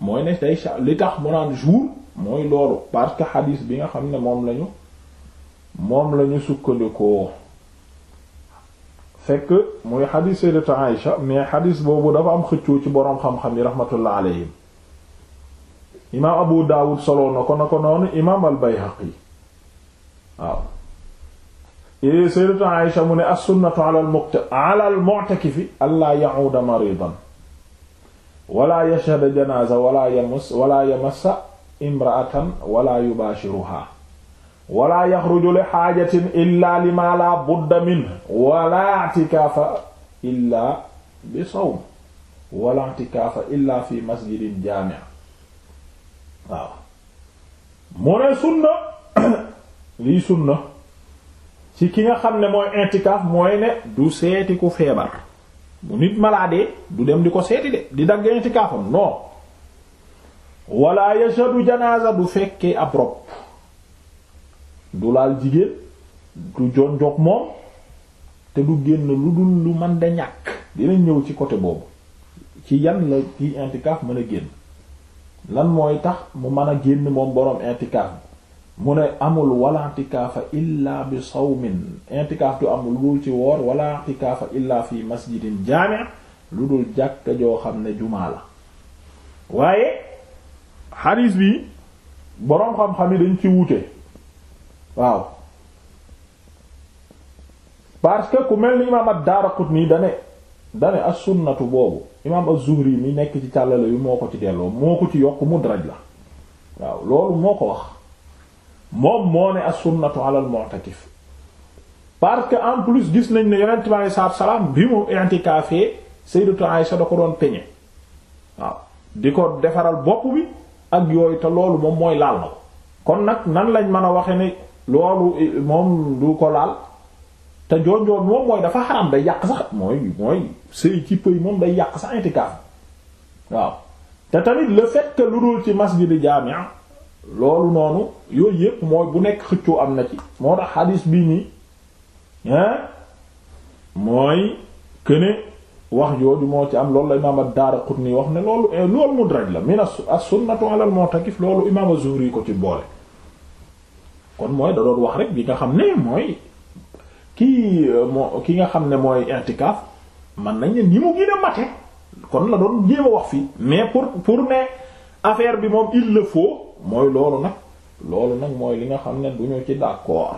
mooy ne day li tax mu naan jour mooy loolu parce que xadiis bi nga xam ne moom lañu moom lañu sukkandikoo fekk muy xadiis sayyidatu Aïsha mais xadiis boobu dafa am xëccoo ci boroom xam-xam yi raxmatullah alayhim imaam Abu Daawud soloo na ko na ko noonu imaam al-Bayhaqi waaw i eh, sayyidatu Aïsha mu ne as-sunnatu ala al-mu'takifi allaa ya'uuda maridan wala yashhada janaaza wala yamas wala yamassa imra'atan wala yubaashiruhaa wala yaxruju li xaajatin illa li ma la budda min wala i'tikaafa illa bi sawm wala i'tikaafa illa fi masjidin jaami waaw mu ne sunna lii sunna ci ki nga xam ne mooy i'tikaaf mooy ne du seeti ku feebar bu nit malaadee du dem di ko seeti de di dagg i'tikaafam non wala yashadu janaaza du fekkee ab rob du laal jigéen du jonjoog moom te du génn lu dul lu man da ñàkk dina ñëw ci côté boobu ci yan la kiy intikaaf mën a génn lan mooy tax mu mën a génn moom boroom intikaaf mu ne amul wala intikaafa illa bi sawmin intikaaf du amul lu dul ci woor wala intikaafa illa fi masjidin jaami' lu dul jàkka joo xam ne jumaa la waaye xaris bi boroom xam-xam yi dañ ci wuute waaw parce que ku mel ni imaam ad nii dane dane a sunnatu boobu imaam az-Zuhri mi nekk ci càllale yu moo ko ci delloo moo ko ci yokk mudraj la waaw loolu moo ko wax moom moo ne as-sunnatu ala al-mu'takif parce que en plus gis nañ ne yonent bi alayhi salaatu salaam bi mu i'tikaafee sayyidatu Aisha da ko doon peñe waaw di ko defaral bopp bi ak yooyu te loolu moom mooy laal na ko kon nag nan lañ mën a waxe ni loolu moom du ko laal te joonjoon moom mooy dafa xaram day yàq sax mooy mooy sëy ci pëy moom day yàq sax intikaaf waaw te tamit le fait que lu dul ci masjidi jaami'a loolu noonu yooyu yépp mooy bu nekk xëccoo am na ci moo bii nii hein mooy këne moo ci am loolu la imaam ad-Daaraqutni wax ne loolu eh, loolu mudraj la min as-sunnatu ala al-mu'takif loolu imaam az-Zuhri ko ci boole kon mooy da doon wax rek bi nga xam ne mooy kii euh, moo ki nga xam ne mooy intikaaf man nañ ne ni mu gën a mate kon la doon jéem a wax fii mais pour pour ne affaire bi moom il le faut mooy loolu nag loolu nag mooy li nga xam ne du ñu ci d'accord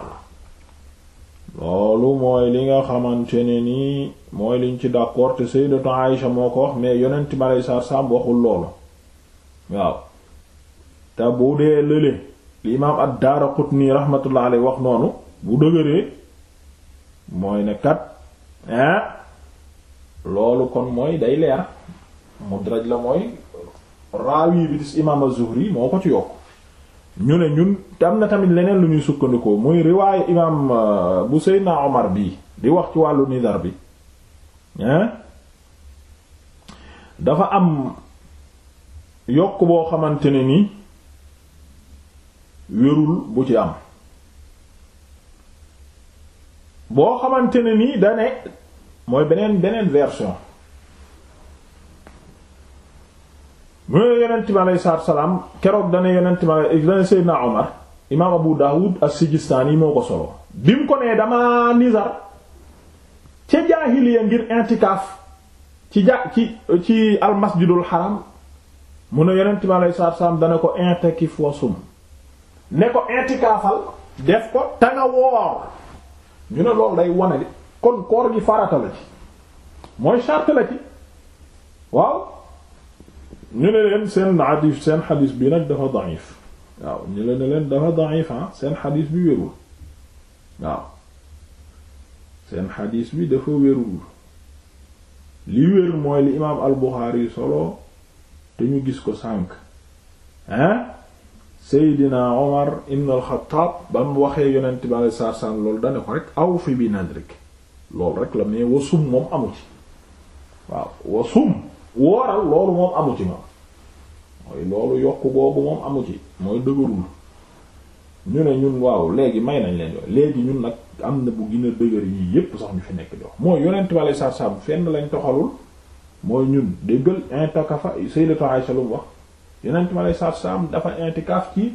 loolu mooy li nga xamante ne nii mooy liñ ci d'accord te Sayyidatu Aïsha moo ko wax mais yonent bi aleyhi salaatu waxul loolu waaw te bu dee lële li imaam ad-Daaraqutni rahmatullah alayhi wax noonu bu dëgëree mooy ne loolu kon mooy day leer mudraj la mooy raawi bi dis imaam az moo ko ci yokk ñu ne ñun te na tamit leneen lu ñuy sukkandikoo muy riwaayu imaam euh, bu Seydina Omar bii di wax ci wàllu nizar bi dafa am yokk boo xamante ne nii. bu boo xamante ne nii dane mooy beneen beneen version mu ne yonent bi aleyhi salaatu salaam keroog dane yonent bi Omar imaam Abu Dawud as-Sijistaani yi moo ko solo bi ko nee dama nizar ca jaahiliya ngir intikaaf ci ja ci ci almasjidul haram mu ne yonent bi aleyhi salaatu salaam dana ko intakif wa ne ko intikaafal def ko te nga woor ñu ne lool day wane li kon koor gi farata la ci mooy charte la ci waaw ñu ne leen seen hadith seen hadith bi nag dafa da'if waaw ñu ne leen dafa da'if ah seen hadith bi wérul waaw seen hadith bi dafa wérul li wér mooy li imaam al Bukhari solo te ñu gis ko sànq hein Seydina Omar ibn al ba mu waxee yonent bi alayhi salaatu loolu dane ko rek aw fi bi nadrik loolu rek la mais wasum moom amu ci waaw wasum wooral loolu moom amu ci mooy yokk boobu moom amu ci mooy dëgërul ñu ne ñun waaw léegi may nañ leen léegi ñun nag am na bu gën a dëgër yii yépp sax ñu fi nekk jox mooy yonent bi alayhi salaatu fenn lañ toxalul mooy ñun déggal intakafa Sayyidatu Aisha lu mu wax yeneen ma lay saaf saam dafa intikaaf ci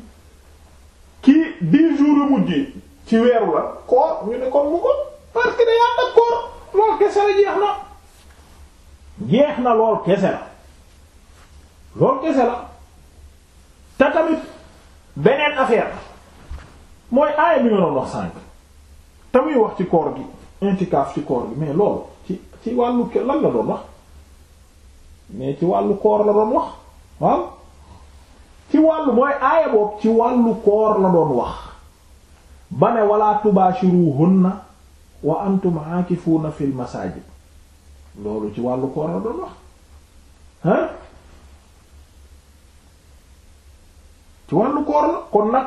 kii dix jours yu mujj ci weeru la koor ñu ne kon mu ko parce que day ak koor lool kese la jeex na jeex na lool kese la lool kese la te tamit beneen affaire mooy aaya bi nga doon wax sànq te muy wax ci koor gi intikaaf ci koor gi mais loolu ci ci wàllu lan la doon wax mais ci wàllu koor la doon wax ci wàllu mooy aaya boobu ci wàllu koor la doon wax ba ne wala tubaashiruhunna wa antum aakifuuna fil masaajid loolu ci wàllu koor la doon wax ah ci wàllu koor la kon nag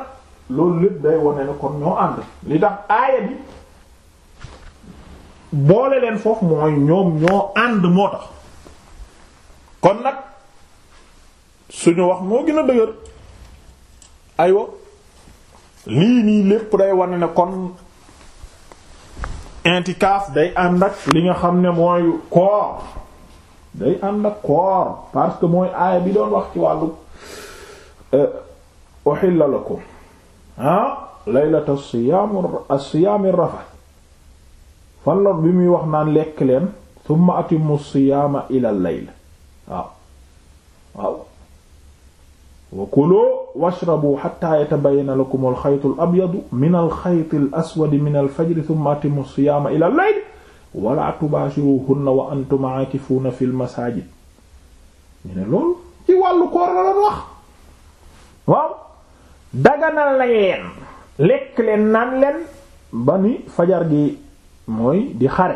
loolu lépp day wone ne kon ñoo ànd li tax aaya bi boole leen foofu mooy ñoom ñoo ànd moo tax kon nag suñu wax moo gën a dëgër aywa lii nii lépp day wane ne kon intikaaf day ànd li nga xam ne mooy koor day ànd ak parce que mooy aaya bi doon wax ci wàllu euh, uhilla lakum ah laylata siyaam as-siyaam ar-rafath bi muy wax naan lekk leen thumma atimmu siyaama ila al waaw wa kuluu washrabuu xattaa yatabayyana lakum alxaytu alabyadu min alxayti alaswadi min alfajri thumma atimmu siyaama ila allayl wala tubaashiruuhunna wa antum na leen lekk leen naan leen ba ni fajar gi mooy di xare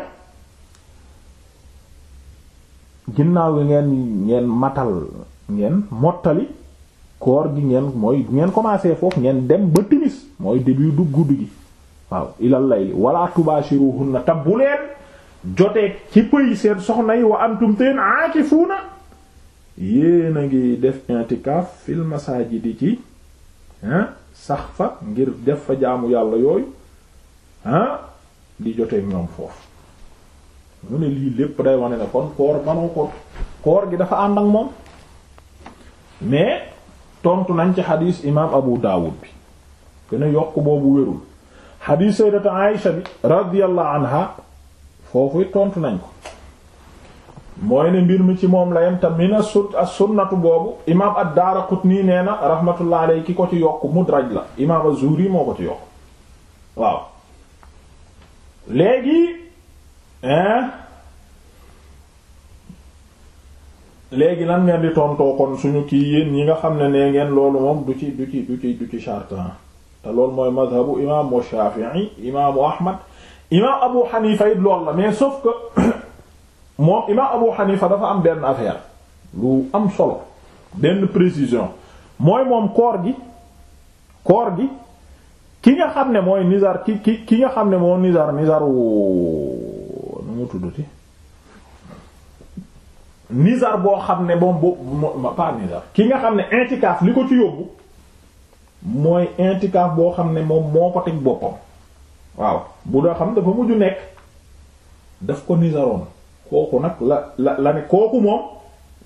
ginnaaw gi ngeen matal ngeen mottali koor gi ngeen mooy ngeen commencé foofu ngeen dem ba timis mooy début du guddi gi waaw ilal layli wala tubashiruhunna te bu leen jotee ci pëy seen soxna yi wa antum teen aakifuuna yéen a ngi def intikaaf fil masaajidi ci sax fa ngir def fa jaamu yàlla yooyu di jotee ñoom foofu mu ne lii lépp day wane ne kon koor manoo ko koor gi dafa ànd ak moom mais tontu nañ ci xadiis imaam Abu Dawud bi gën a yokk boobu wérul xadiis sayyidatu Aïsha bi radiyallahu anha foofu tontu nañ ko mooy ne mbir mi ci moom la yem te min as-sunnatu boobu imaam ad-Daaraqutni nee na rahmatullah alayhi ki ko ci yokk mudraj la imaam az-Zuhri moo ko ci yokk waaw léegi hein léegi lan ngeen di tontoo kon suñu kii yéen ñi nga xam ne nee ngeen loolu moom du ci du ci du ci du ci chartan te loolu mooy mazhabu imaamu Shafi'i imaamu Ahmad imaam Abu Hanifa it loolu la mais sauf que moom imaam Abu Hanifa dafa am benn affaire lu am solo benn précision mooy moom koor gi koor gi ki nga xam ne mooy nizar ki ki nga xam ne moo nizar nizaru nu mu tuddati nizar boo xam ne moom boobu pas nizar ki nga xam ne intikaaf li ko ci yóbbu mooy intikaaf boo xam ne moom moo ko teg boppam waaw bu doo xam dafa mujj nekk daf ko nizaroon kooku nag la la ne kooku moom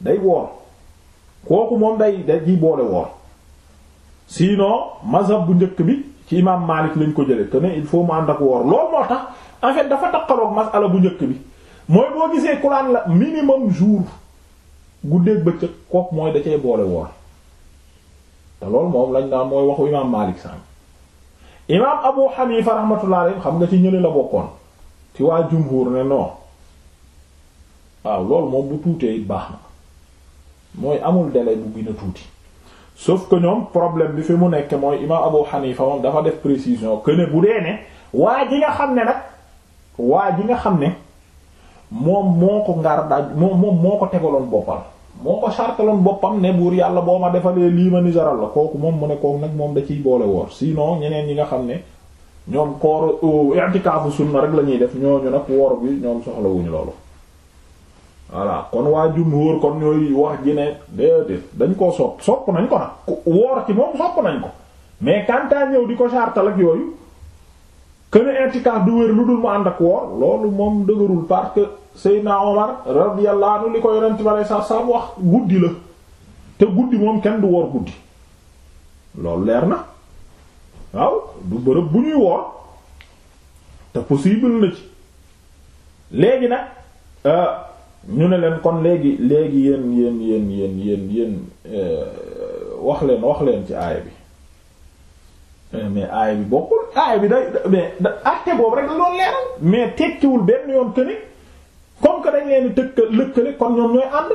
day woor kooku moom day day ji boole woor sinon mazhab bu njëkk bi ci imaam Maalik lañ ko jële te ne il faut mu ànd ak woor loolu moo tax en fait dafa taqaloog masala bu njëkk bi mooy boo gisee kulaan la minimum jour guddeeg bëccëg kook mooy da cee boole woor te lool moom lañ daan mooy waxu imaam Maalik sànq imaam Abu Hanifa rahmatullah xam nga ci ñële la bokkoon ci waa jumhur ne non waaw loolu moom bu tuutee it baax na mooy amul délai bu gën a tuuti sauf que ñoom problème bi fi mu nekk mooy imaam Abu Hanifa moom dafa def précision que bu dee ne waa ji nga xam ne nag waa ji nga xam ne. moom moo ko ngar daaj moom moom moo ko tegaloon boppam moo ko sartaloon boppam ne buur yàlla boo ma defalee lii ma nisaral la kooku moom mu ne kooku nag moom da ciy boole woor si no ñeneen ñi nga xam ne ñoom koor euh, i'tikaafu sunna rek la ñuy def ñooñu nag woor bi ñoom soxlawuñu loolu voilà kon waa jumhur kon ñooy wax ji ne déedéet dañ koo sopp sopp nañ ko nag woor ci moom sopp nañ ko mais kantaa ñëw di ko sartal ak yooyu kene intikaaf du wér lu dul mu ànd ak woor loolu moom dëgërul parce que Seydina Omar radiyallahu anhu li ko yonent bare sa sam wax guddi la te guddi moom kenn du woor guddi loolu leer na waaw du bërëb bu ñuy woor te possible na ci léegi nag euh, ñu ne leen kon léegi léegi yéen yéen yéen yéen yéen yéen euh, wax leen wax leen ci aaya bi Euh, mais aay bi bokkul aay bi day mais da acte boobu rek la doon mais tekkiwul benn yoon que ni comme que dañ leen tëkk lëkkale kon ñoom ñooy ànd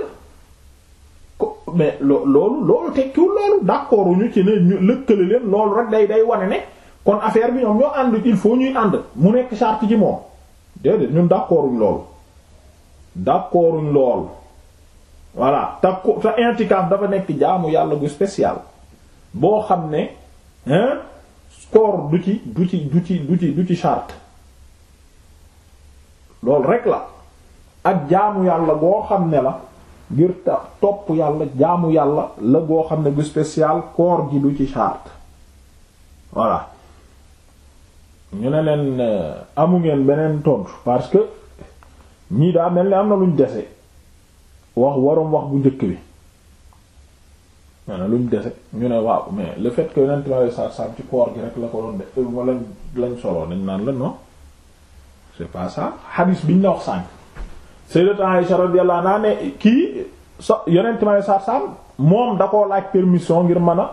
ko mais loolu loolu tekkiwul loolu d'accord ñu ci ne ñu lëkkale leen loolu rek day day wane ne kon affaire bi ñoom ñoo ànd il faut ñuy ànd mu nekk charte ci moom déedéet ñun d'accorduñ loolu d'accorduñ loolu voilà te ko te intikaaf dafa nekk jaamu yàlla gu spécial boo xam ne hein score du ci du ci du ci du ci du ci charte loolu rek la ak jaamu yàlla goo xam ne la ngir tax topp yàlla jaamu yàlla la goo xam ne bu spécial koor gi du ci charte voilà ñu ne leen euh, amu ngeen beneen tontu parce que ñii daa mel ni am na luñ dese wax waroom wax bu njëkk bi ma ne lu mu dese ñu ne waaw mais le fait que yonent ma saa saam ci koor gi rek la ko doon def wala lañ soloo dañ naan la non c'est pas ça hadis biñ la wax sànq Sayyidatu ne kii so yonent ma saa saam moom da koo laaj permission ngir mën a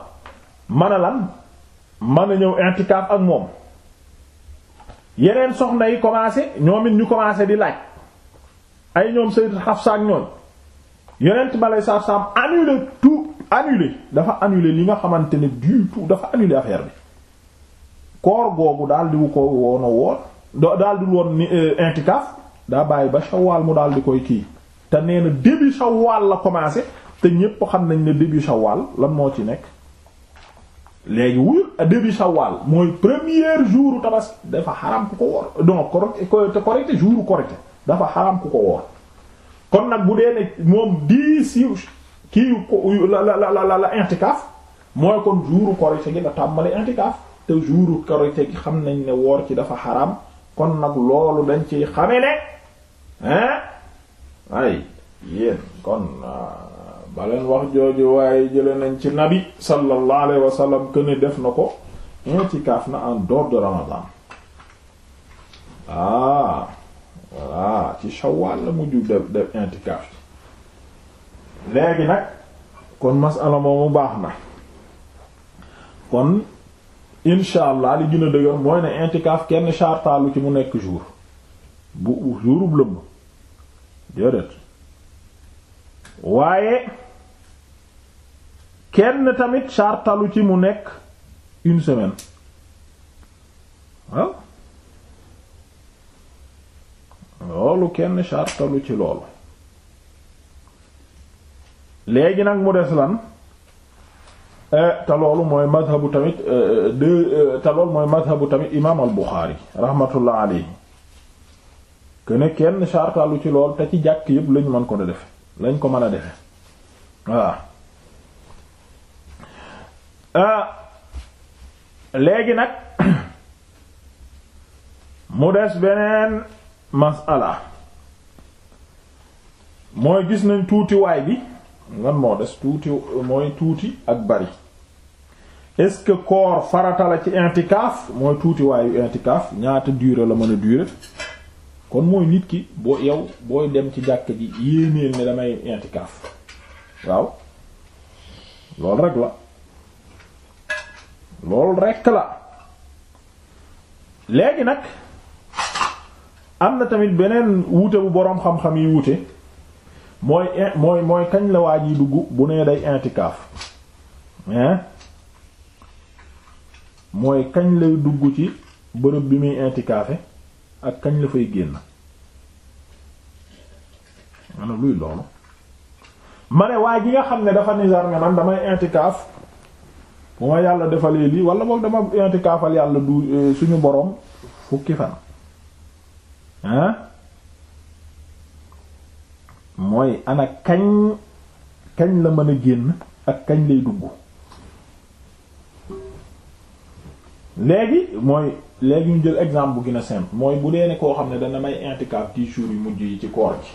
mën a lan mën ñëw intikaaf ak moom yeneen soxna yi commencé ñoom it ñu commencé di laaj ay ñoom Sayyidatu Hafsa ak ñoom yonent ma saa saam annulé tout. annulé dafa annulé li nga xamante ne du tout dafa annulé affaire bi koor googu daal di ko woon a woor daal di woon ni euh, intikaaf daa bàyyi ba shawaal mu daal di koy kii te nee na début shawaal la commencé te ñépp xam nañ ne début shawaal lan moo ci nekk léegi wul début shawaal mooy premier jour tabaski dafa xaram ku ko woor donc korite korite jour korite dafa xaram ku ko woor kon nag bu dee ne moom dix kii yu la la la la intikaaf mooy kon juuru korite gi la tàmbali intikaaf te juuru korite gi xam nañ ne woor ci dafa xaram kon nag loolu dañ ci xame ne hein ay yéen kon ah, baleen wax jooju waaye jële nañ ci nabi sallallahu alayhi wa sallam këne def na ko intikaaf na en dehors de ramadan ah voilà ci shawwal la mujju def def intikaaf léegi nag kon masala moomu baax na kon incha allah li gën a dëgër mooy ne intikaaf kenn chartaalu ci mu nekk jour bu jourub lëmm déedéet waaye kenn tamit chartalu ci mu nekk une semaine waaw loolu kenn chartalu ci loolu léegi nag mu des lan eh, te loolu mooy madhabu tamit eh, de eh, te loolu mooy madhabu tamit imaam al Buxaari rahmatullah alayhi que ne kenn sartalu ci lool te ci jàkk yëpp lañ mën ko defe lañ ko mën a defe waaw ah, léegi nag mu des beneen masala mooy gis nañ tuutiwaay bi lan moo des tuuti mooy tuuti ak bari est-ce que koor farata la ci intikaaf mooy tuuti waayu intikaaf ñaata durée la mën a durer kon mooy nit ki boo yow booy dem ci jàkk ji yéeneel ne damay intikaaf waaw loolu rekk la loolu rek la léegi nag am na tamit beneen wuute bu boroom xam-xam yi wuute mooy eh, mooy mooy kañ la waa ji dugg bu nee day intikaaf hein eh? mooy kañ lay dugg ci bërëb bi muy intikaafe ak kañ la fay génn ma ne luy loolu ma ne waa ji nga xam ne dafa nizar nga man damay intikaaf bu ma yàlla defalee lii wala boog dama intikaafal yàlla du eh, suñu boroom fukki fan hein mooy ana kañ kañ la mën a génn ak kañ lay dugg léegi mooy léegi ñu jël exemple bu gën simple mooy bu dee ne koo xam ne dana may intikaaf dix jours yu mujj yi ci koor gi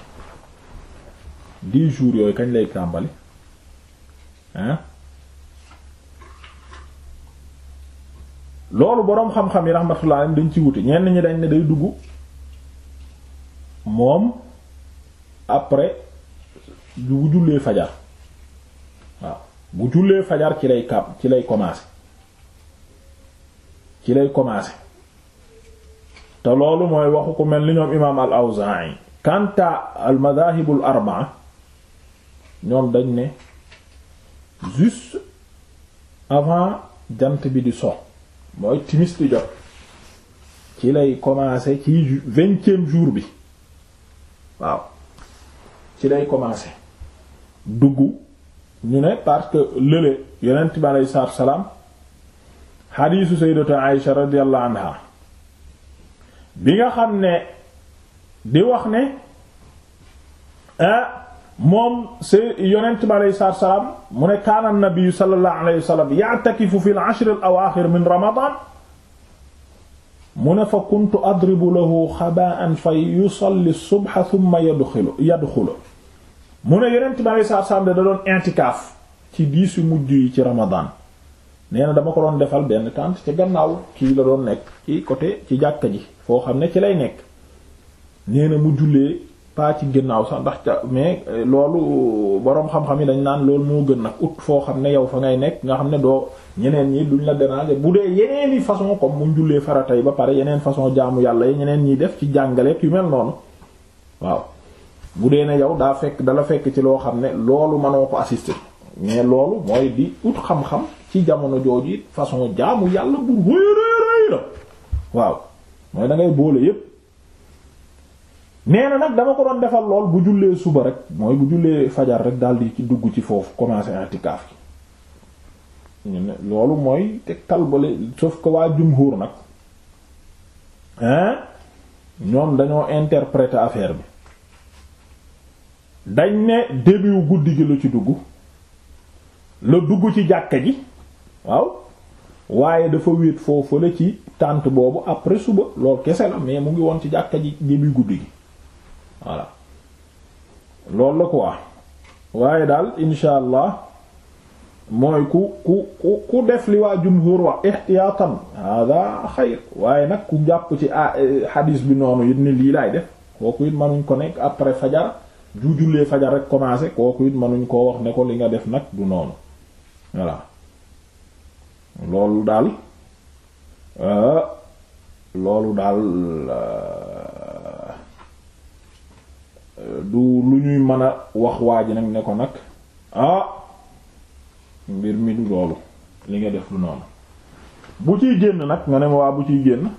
dix jours yooyu kañ lay tàmbali hein loolu boroom xam-xam yi rahmatullah dañ ci wuti ñenn ñi dañ ne day dugg moom après bu jullee fajar waaw bu jullee fajar ci lay kàpp ci lay commencer ci lay commencer te loolu mooy waxu ku mel ni ñoom imaam al Awzaa'i kanta al madahibul arbaa ñoom dañ ne juste avant jant bi di so mooy timis di jot ci lay commencer ci vingtième jour bi waaw ci lay commencer dugg ñu ne parce que lële yonent bi aleyhi salaatu salaam xadiisu sayyidatu Aïsha radiyallahu anha bi nga xam ne di wax ne ah, moom se yonent bi aleyhi salaatu salaam mu ne kaana nabiyu sallallahu alayhi wa sallam ya'takifu fil ashr al awaaxir min ramadaan mu ne fa kuntu adribu lahu xaba'an fa yusalli subha thumma yadxulu mu ne yonent bi alei satu da doon intikaaf ci diis yu mujj yi ci ramadan nee na dama ko doon defal benn tànt ci gannaaw kii la doon nekk ci côté ci jàkka ji foo xam ne ci lay nekk nee na mu jullee pas ci gannaaw sax ndax ca mais euh, loolu boroom xam-xam yi dañ naan loolu moo gën nag ut foo xam ne yow fa ngay nekk nga xam ne doo ñeneen ñi duñ la déranger bu dee yeneen i façon comme mu jullee farata yi ba pare yeneen façon jaamu yàlla yi ñeneen ñiy def ci jàngaleek yu mel noonu waaw bu dee ne yow daa fekk dala fekk ci loo xam ne loolu mënoo ko assister mais loolu mooy di ut xam-xam ci jamono jooju it façon jaamu yàlla bu wéeréeréy la waaw mooy dangay boole yépp nee na nag dama ko doon defal lool bu jullee suba rek mooy bu jullee fajar rek daal di ci dugg ci foofu commencer i'tikaaf yi ñu ne loolu mooy te kalbale sauf ko waa jumhur nag hein ñoom dañoo interpréter affaire bi dañ ne début guddi gi la ci dugg la dugg ci jàkka ji waaw waaye dafa wéet foofu la ci tànt boobu après suba lool kese la mais mu ngi woon ci jàkka ji début guddi gi voilà loolu la quoi waaye daal insha allah mooy ku ku ku ku def li waa jumhur wax ihtiyaatan hada xayr waaye nag ku jàpp ci xadiis ah, eh, bi noonu it ni lii laay def kooku it manuñ ko nekk après fajar ju jullee fajar rek commencé kooku it mënuñ koo wax ne ko li nga def nag du noonu voilà loolu daal euh, loolu daal euh, du lu ñuy mën a wax waa ji nag ne ko nag ah mbir mi du loolu li nga def du noonu bu ciy génn nag nga ne ma waa bu ciy génn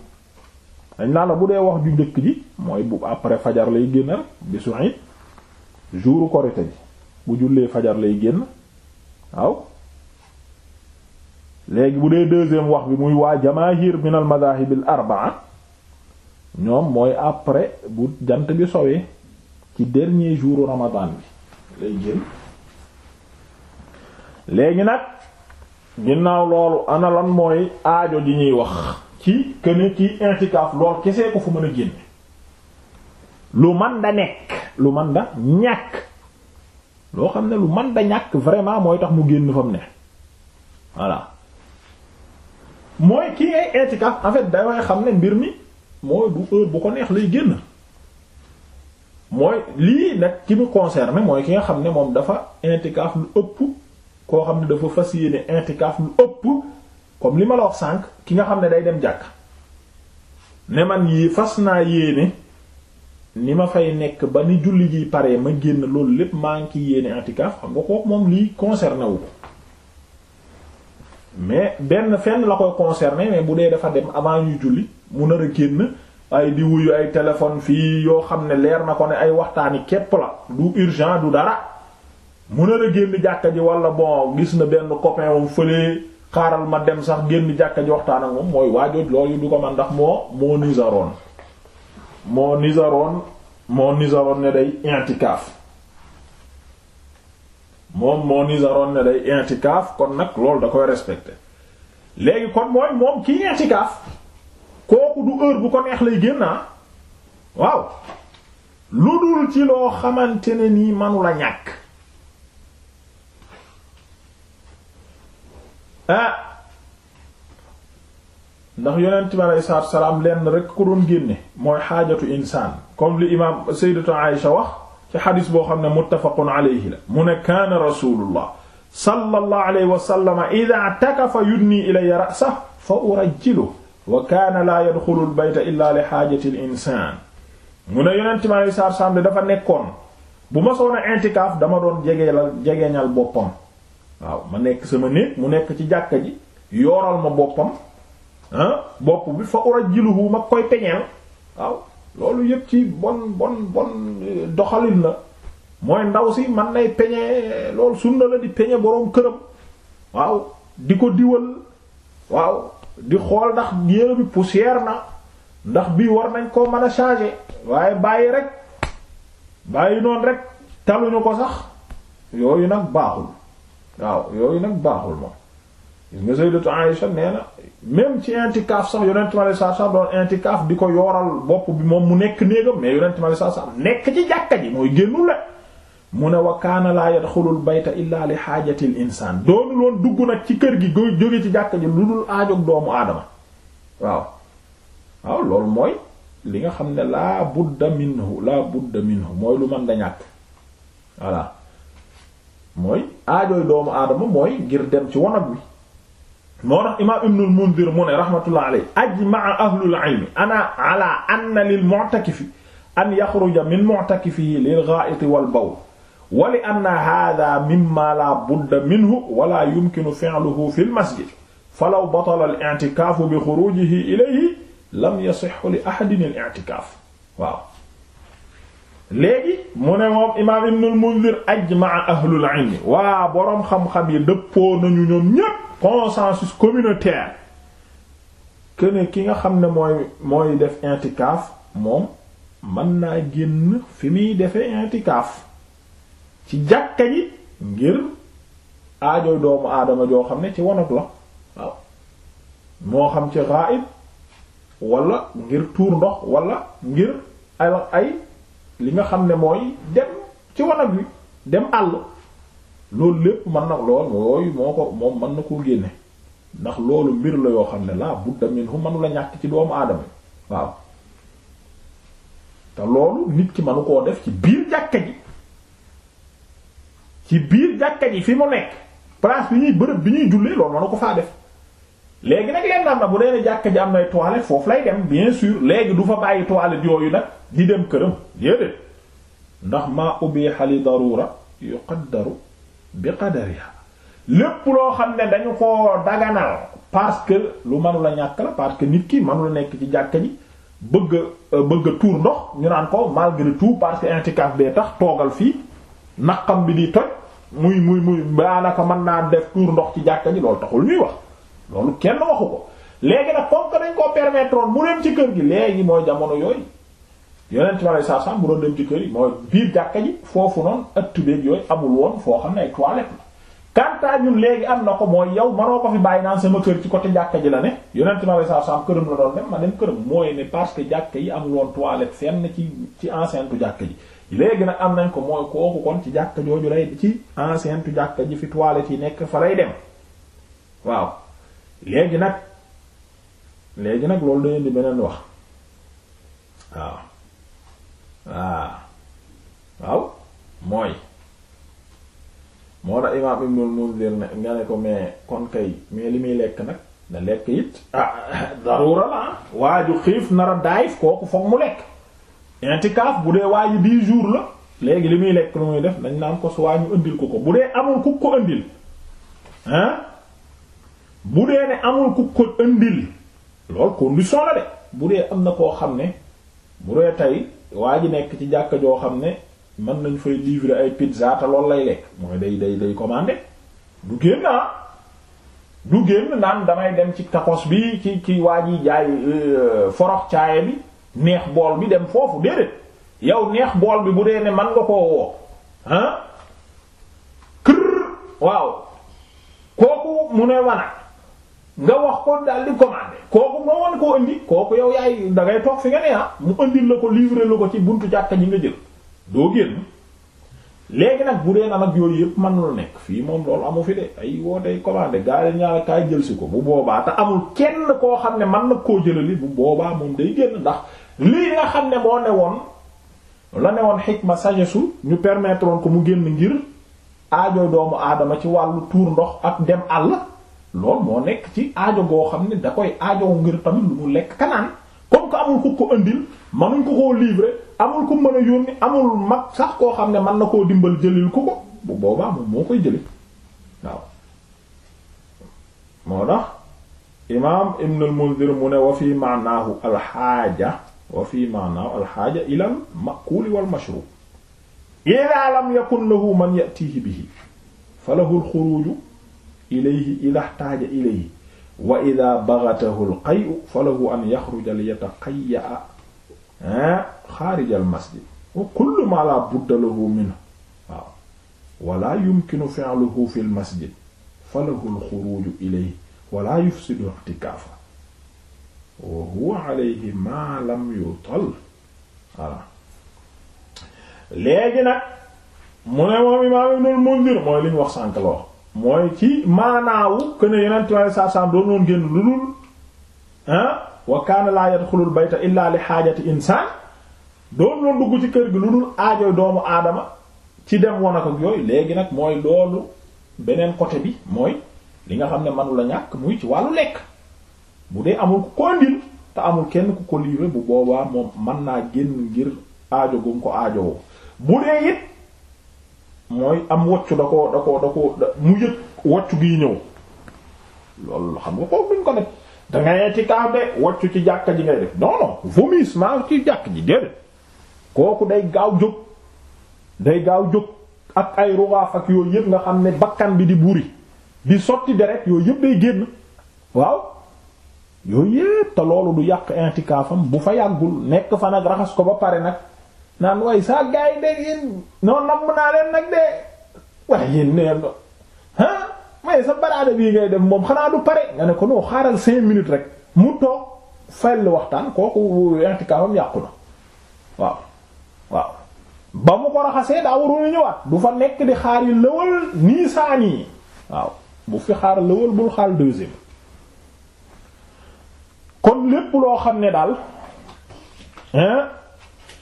dañ naa bu dee wax ju njëkk ji mooy bu après fajar lay génn rek bisu it jouru korite ji bu jullee fajar lay génn waaw léegi bu dee deuxième wax bi muy waa jamaahir min al madaahibil arbaa ñoom mooy après bu jant bi sowee ci dernier jouru ramadan bi lay génn léegi nag ginnaaw loolu ana mooy aajo ji ñuy wax ci këne ci intikaaf lool kesee ko fu mën a génne lu man da nekk lu man da ñàkk loo xam ne lu man da ñàkk vraiment mooy tax mu génn fa ne voilà mooy kii ay i'tikaf en fait daway xam ne mbir mi mooy bu heure bu ko neex lay génn mooy lii nag ki mu concerné mooy ki nga xam ne moom dafa i'tikaf lu ëpp koo xam ne dafa fas yéene i'tikaf lu ëpp comme li ma la wax sànq ki nga xam ne day dem jàkk ne man yi fas naa yéene ni ma fay nekk ba ni julli ji pare ma génn loolu lépp maa ngi ciy yéene itikaaf xam nga kooku moom lii concerné wu ko mais benn fenn la koy concerné mais bu dee dafa dem avant ñu julli mu nar a génn ay diwu wuyu ay téléphone fii yoo xam ne leer na ko ne ay waxtaani képp la du urgent du dara mu nar a génn jàkka ji wala bon gis na benn copain wam fële xaaral ma dem sax génn jàkka ji waxtaan ak moom mooy waajooj loolu du ko man ndax moo moo nisaroon moo nizaroon moo nizaroon ne day intikaaf moom moo nizaroon ne day intikaaf kon nag loolu da koy respecté léegi kon mooy moom ki intikaaf kooku du heure bu ko neex lay génn ah. waaw lu dul ci loo xamante ne nii manu la ñàkk ah ndax yonent bi aleyhi salaatu salaam lenn rek ko doon génne mooy xaajatu insaan comme li imaam sayyidatu Aïsha wax ci xadis boo xam ne muttafaqun alayhi la mu ne kaana rasulullah sallallahu alayhi wa sallam idaa takafa yudni ilayya ra'sahu fa urajjiluhu wa kaana laa yadxulu al-bayta illaa li xaajati al-insaan mu ne yonent bi aleyhi dafa nekkoon bu ma soona intikaaf dama doon jegeelal jegeeñal boppam waaw ma nekk sama néeg mu nekk ci jàkka ji yooral ma boppam. bopp bi fa bu mag koy peñeel waaw loolu yëpp ci bon bon bon euh, doxalin la mooy ndaw si man nay peñe loolu sunna la di peñe boroom këram waaw di ko diwal waaw di xool ndax yére bi poussière na ndax bii war nañ koo mën a changer waaye bàyyi rek bàyyi noonu rek taluñu ko sax yooyu nag baaxul waaw yooyu nag baaxul moom gis nga sayyidatu Aïsha nee même ci intikaaf sax yonent ma la doon intikaaf di ko yooral bopp bi moom mu nekk néegam mais yonent ma la saa nekk ci jàkka ji mooy génnul la mu ne wa kaana laa yadxulul bayta illaa li xaajatil insaan doonu loon dugg nag ci kër gi jóge ci jàkka ji lu dul aajog doomu aadama waaw waaw loolu mooy li nga xam ne laa budda minhu laa budda minhu mooy lu mën da ñàkk voilà mooy aajooy doomu aadama mooy ngir dem ci wanag wi moo tax imaam ibnul mundir mu ne rahmatullah alayhi ajmaa ahlul ilmi ana ala anna lil mu'takifi an yaxruja min mu'takifihi lil ghaa'iti wal bawl wa li anna haadha mimma la budda minhu wa la yumkinu fi'luhu fil masjid falaw batala al i'tikaafu bi xurujihi ilayhi lam yasihhu li ahadin al i'tikaaf waaw léegi mu ne moom imaam ibnul mundir ajmaa ahlul ilmi waa boroom xam-xam yi dëppoo nañu ñoom ñépp consensus communautaire que ki nga xam ne mooy mooy def intikaaf moom mën naa génn fi muy defee intikaaf ci jàkka ji ngir aajo doomu aadama joo xam ne ci wanag la moo xam ci ghaib wala ngir tuur ndox wala ngir ay ay li nga xam ne mooy dem ci wanag wi dem àll loolu lépp mën na lool yooyu moo ko moom mën na koo génne ndax loolu mbir la yoo xam ne laa budda minhu mënu la ñàkk ci doomu aadama waaw te loolu nit ki mënu koo def ci biir jàkka ji ci biir jàkka ji fi mu nekk place bi ñuy bërëb bi ñuy jullee loolu mënu ko faa def léegi nag leen am na bu dee ne jàkk ji am nay toilette foofu lay dem bien sûr léegi du fa bàyyi toilette yooyu nag di dem këram déedéet ndax maa ubiha li darura yuqaddaru bi qadariha lépp loo xam ne dañu ko daganal parce que lu manu la ñàkk la parce que nit ki manu la nekk ci jàkk ji bëgg euh, bëgg tour tuur ndox ñu naan ko malgré tout parce que intikaaf bee tax toogal fii naqam bi di toj muy muy muy baanaka mën naa def tuur ndox ci jàkk ji loolu taxul ñuy wax loolu kenn waxu ko léegi nag comme que dañ koo permettre woon mu dem ci kër gi léegi mooy jamono yooyu yonent ma lay saa saa doon dem ci kër yi mooy biir jàkka ji foofu noonu ak beeg yooyu amul woon foo xam ne ay toilettes la. kantaa ñun léegi am na ko mooy yow manoo ko fi bàyyi naan ma kër ci côté jàkka ji la ne yonent ma lay saa saa këram la doon dem ma dem këram mooy ne parce que jàkka yi amul woon toilette fenn ci ci enceinte jàkka ji. léegi nag am nañ ko mooy kooku kon ci jàkka jooju lay ci enceinte jàkka ji fi toilette yi nekk fa lay léegi nag léegi nag loolu dañu di beneen wax waaw waaw mooy moo tax imaam Ibnul Munzir ne nga ne ko mais kon kay mais li muy lekk nag na lekk it ah la ah. waa ju xiif nara a daayif kooku foog mu lekk intikaaf bu dee waa ji dix la léegi li muy lekk lu muy def dañ naan ko su waa ëndil ko ko bu dee amul ku ko ëndil hein bu dee ne amul ku ko indil loolu condition la de bu dee am na koo xam ne bu dee tey waa ji nekk ci jàkka joo xam ne mën nañ fay livrer ay pizza te loolu lay lekk mooy day day day commander du génn ah du naan damay dem ci tacos bi ci ci waa ji jaay euh, forox caaye bi neex bool bi dem foofu déedéet yow neex bool bi bu dee ne mën nga koo woo ah kër waaw kooku mu ne wana nga wax ko daal di commandé kooku nga wan koo indi kooku yow yaay da ngay toog fi nga ne ah mu indil la ko livre lu ko ci buntu jàkka ji nga jël doo génn léegi nag bu dee na nag yooyu yëpp mën lu nekk fii moom loolu amu fi ay wootey commandé gars yi ñaar kaay jël si ko bu boobaa amul kenn koo xam ne man na koo jëlali bu boobaa moom day génn ndax lii nga xam ne moo ne woon la ne woon xikma sagesu ñu permettre woon ko mu génn ngir aajooy doomu aadama ci wàllu tuur ndox ak dem àll loolu moo nekk ci aajo goo xam ne da koy aajow ngir tamit lu mu lekk kanaan comme que amul ku ko andil manuñ ko koo livrer amul ku mën a yónni amul mag sax koo xam ne mën na koo dimbal jëlil ku ko bu boobaa moom moo koy jëli waaw moo tax imaam ibn al mu ne wa fi maanaahu alxaaja wa fi maanaahu alxaaja ilal makuuli wal mashrub lam yakun lahu man yatihi bihi falahu al xuruju ilayhi ida xtaaja ilayhi wa ida bagatahu l qayu fa lahu an yaxruja li yataqaya a ah, xaarija al masjid wa kullu ma la budda lahu minhu waaw wala yumkinu fi'luhu fi l masjid fa lahu al xuruju ilayhi wala yufsidu i'tikaafa wa huwa alayhi ma lam yutal voilà léegi nag mu ne moom imaam ibnul Mundir mooy li ñu wax sànk la wax mooy ci maanaawu que ne yeneen tubaab saa doon doon génn lu dul ah wa kaana laa yadxulul bayta illaa li xaajati insaan doon doon dugg ci kër gi lu dul aajo doomu aadama ci dem wan ak yooyu léegi nag mooy loolu beneen côté bi mooy li nga xam ne manu la ñàkk muy ci wàllu lekk bu dee amul ku ko andil te amul kenn ku ko livré bu boobaa moom mën naa génn ngir aajo gum ko aajowoo bu dee it. mooy am wocc da ko da ko da ko mu yëg woccu gi ñëw loolu xam nga ko duñ ko def dangay itikaaf de woccu ci jàkka ji ngay def non non vomissement ci jàkka ji déedéet kooku day gaaw jóg day gaaw jóg ak ay ruwaaf ak yooyu yëpp nga xam ne bakkan bi di buri bi sotti deret yooyu yëpp day génn waaw yooyu yëpp te loolu du yàq intikaafam bu fa yàggul nekk fa nag raxas ko ba pare nag naan way saa gars yi dégg yéen noonu namm naa leen nag de waaye yéen neen do ah may sa de bii ngay def moom xanaa du pare nga ne ko noo xaaral cinq minutes rek mu toog fayal waxtaan kooku intikaafam yàqu na waaw waaw ko raxasee daa waroon a du fa nekk di xaar yi lëwal nii saa waaw bu fi xaar lëwal bul xaar deuxième kon lépp loo xam ne daal hein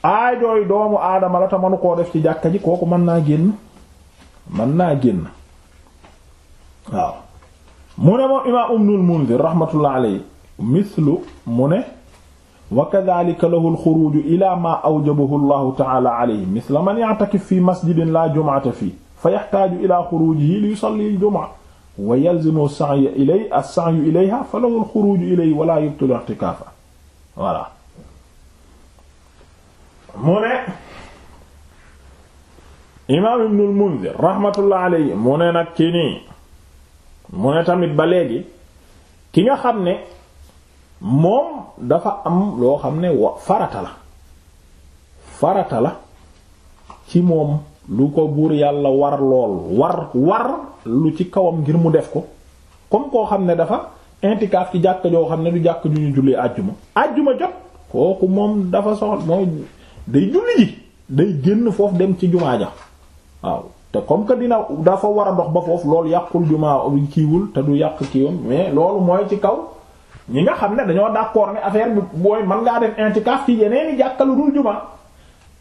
aajooy doomu aadama la te manu koo def ci jàkka ji kooku mën naa génn mën naa génn waaw mu ne moom imaam ibnul munzir rahmatullah alayhi mithlu mu ne wa kadhalika lahu alxuruju ila ma awjabahu llahu taala alayhi mithla man ya'takif fi masjidin la jumu'ata fihi fa yaxtaaju ila xurujihi li yusalli al-jumu'a wa yalzimu as-sa'ya ilayhi as-sa'yu ilayha fa lahu alxuruju ilayhi wala yubtilu i'tikaafahu voilà mu ne imaam ibnul munzir rahmatullah alayhi mu ne nag ki nii mu ne tamit ba léegi ki nga xam ne moom dafa am loo xam ne farata la farata la ci moom lu ko buur yàlla war lool war war lu ci kawam ngir mu def ko comme koo xam ne dafa intikaaf ci jàkk joo xam ne du jàkk ju ñu jullee àjjuma àjjuma jot kooku moom dafa soxla mooy day julli ji day génn foofu dem ci jumaa ja waaw te comme que dina dafa war a dox ba foofu loolu yàqul jumaa kiiwul te du yàq kiiwam mais loolu mooy ci kaw ñi nga xam ne dañoo d'accord ne affaire bi booy mën ngaa def intikaaf ci yeneen i jàkka lu dul jumaa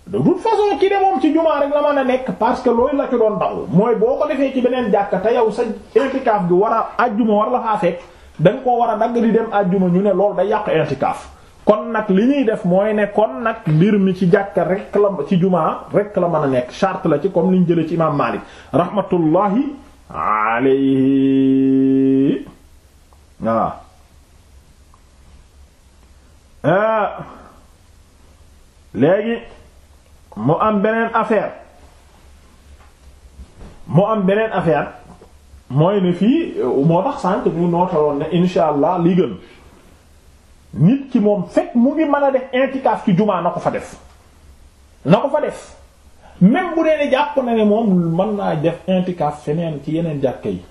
de toute façon ki de ci jumaa rek la mën a nekk parce que loolu la ci doon daw mooy boo ko defee ci beneen jàkka te yow sa intikaaf bi war a àjjuma war la faa fekk da nga koo war a dagg di dem àjjuma ñu ne loolu day yàq intikaaf kon nag li ñuy def mooy ne kon nag mbir mi ci jàkka rek la ci jumaa rek la mën a nekk charte la ci comme li ñu jëlee ci imaam Maalik rahmatullahi alayhi waaw euh, léegi mu am beneen affaire mu am beneen affaire mooy ne fii moo tax sànq ñu nootaloon ne insha allah li gën nit ki moom fekk mu ngi mën a def intikaaf ci jumaa na ko fa def na ko fa def même bu dee ne jàpp na ne moom mën naa def intikaaf feneen ci yeneen jàkka yi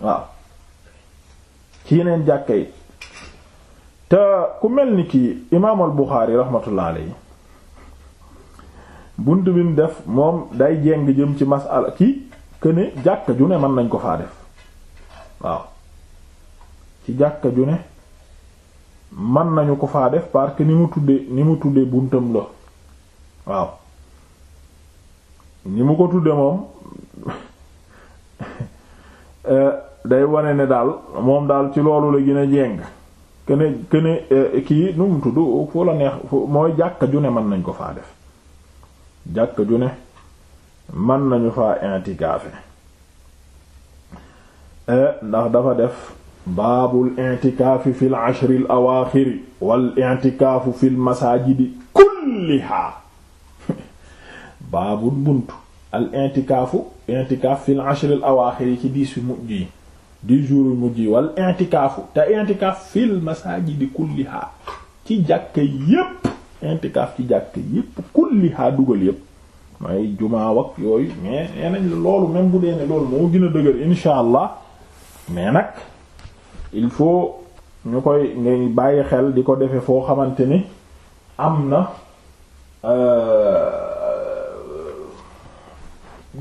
waaw ci yeneen jàkka yi te ku mel ni ki imaamal Buxaari rahmatullah alayhi bunt bi mu def moom day jeng jëm ci masala ki këne jàkka ju ne mën nañ ko faa def waaw ci jàkka ju ne man nañu ko faa def parce que ni mu tuddee ni mu tudde buntam la waaw ni mu ko tudde moom euh, day wane ne daal moom daal ci loolu la gën a jéng kene kene euh, kii nu mu tudd foo la neex mooy jàkka ju ne mën nañ ko faa def jàkka ju ne mën nañu faa intikaafe euh, ndax dafa def baabul i'tikaafi fil ashril awaaxiri wal i'tikaafu fil masaajidi kullihaa baabul buntu al i'tikaafu i'tikaaf fil awaaxiri ci diis yu mujj yi wal i'tikaafu te i'tikaaf fil masaajidi kullihaa ci jàkka yépp i'tikaaf ci jàkka yépp kullihaa dugal yépp may jumaa wak yooyu mais nee nañ loolu même bu dee ne loolu moo gën a dëgër insha allah mais nag. il faut ñu koy ngay bàyyi xel di ko defe foo xamante ni am na euh,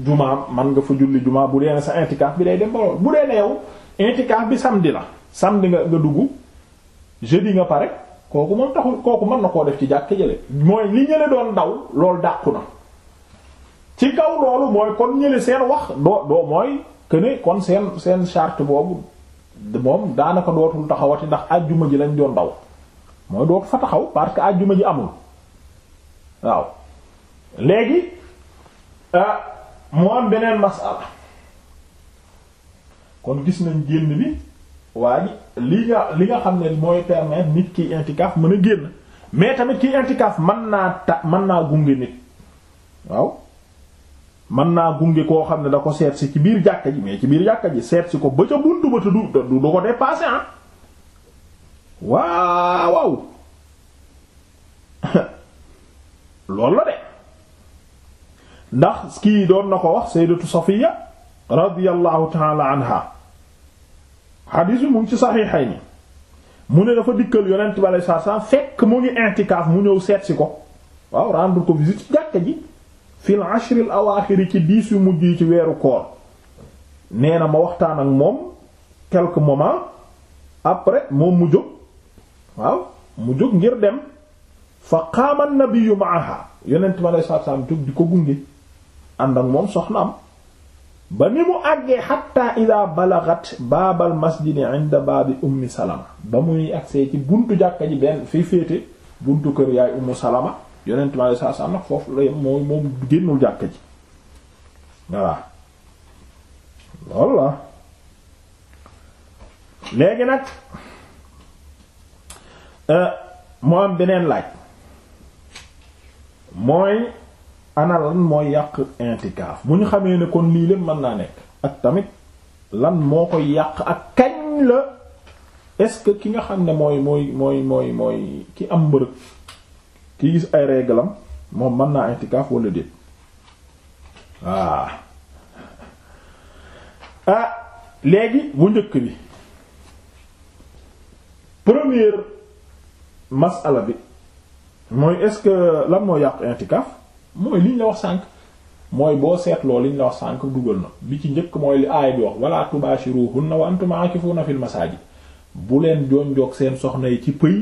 jumaa man nga fa julli jumaa bu dee ne sa intikaaf bi day dem ba lool bu dee ne yow intikaaf bi samdi na samedi nga nga dugg jeudi nga pare kooku moom taxul kooku mën na koo def ci jàkk jële mooy li ñële doon daw loolu dàqu na ci kaw loolu mooy kon ñële seen wax doo doo mooy que kon seen seen charte boobu moom daanaka dootul taxawati ndax àjjuma ji lañ doon daw mooy dootu fa taxaw parce que àjjuma ji amul waaw léegi euh, mu am beneen masala kon gis nañ génn bi waaye li nga li nga xam ne mooy permettre nit kiy intikaaf mën a génn mais tamit kiy intikaaf mën naa ta mën naa gunge nit waaw mën naa gunge koo xam ne da ko seet si ci biir jàkka ji mais ci biir jàkka ji seet si ko ba ca buntu ba te du du ko dépassé ah waaw waaw loolu la de ndax kii doon na ko wax sayyidatu Safiya radiyallahu ta'ala anha xadiis bi mu ngi ci saxiixayni mu ne dafa dikkal yonent bi alayhi salaam fekk mu ngi intikaaf mu ñëw seetsi ko waaw rendre ko visite ci jàkka ji fil ashril awaaxiri ci diis yu mujj yi ci weeru koor nee na ma waxtaan ak moom quelques moment après moom mu jóg waaw mu jóg ngir dem fa qaama an-nabiyyu ma'aha yonent ma lay saab saab jóg di ko gunge ànd ak moom soxna am ba ni mu àggee xatta ida balagat baabal masjidi inda baabi ummi salama ba muy agsee ci buntu jàkka ji benn fi féete buntu kër yaay ummu salama yonent ma saa saa nag foofu la mooy moom génnul jàkka ji voilà loolu léegi nag euh, moo am beneen laaj mooy anal mooy yàq intikaaf bu ñu xamee ne kon lii lépp mën naa nekk ak tamit lan moo ko yàq ak kañ la est-ce que ki nga xam ne mooy mooy mooy mooy mooy ki am mbërëg ki gis ay réglam moom mën naa intikaaf wala déet waaw ah. ah léegi mu njëkk bi première masala bi mooy est-ce que lan moo yàq intikaaf mooy liñ la wax sànq mooy boo seetloo liñ la wax sànq dugal na bi ci njëkk mooy li aay bi wax wala tubashiruhunna wa antum aakifuna fil masaajid bu leen jonjoog seen soxna yi ci pëy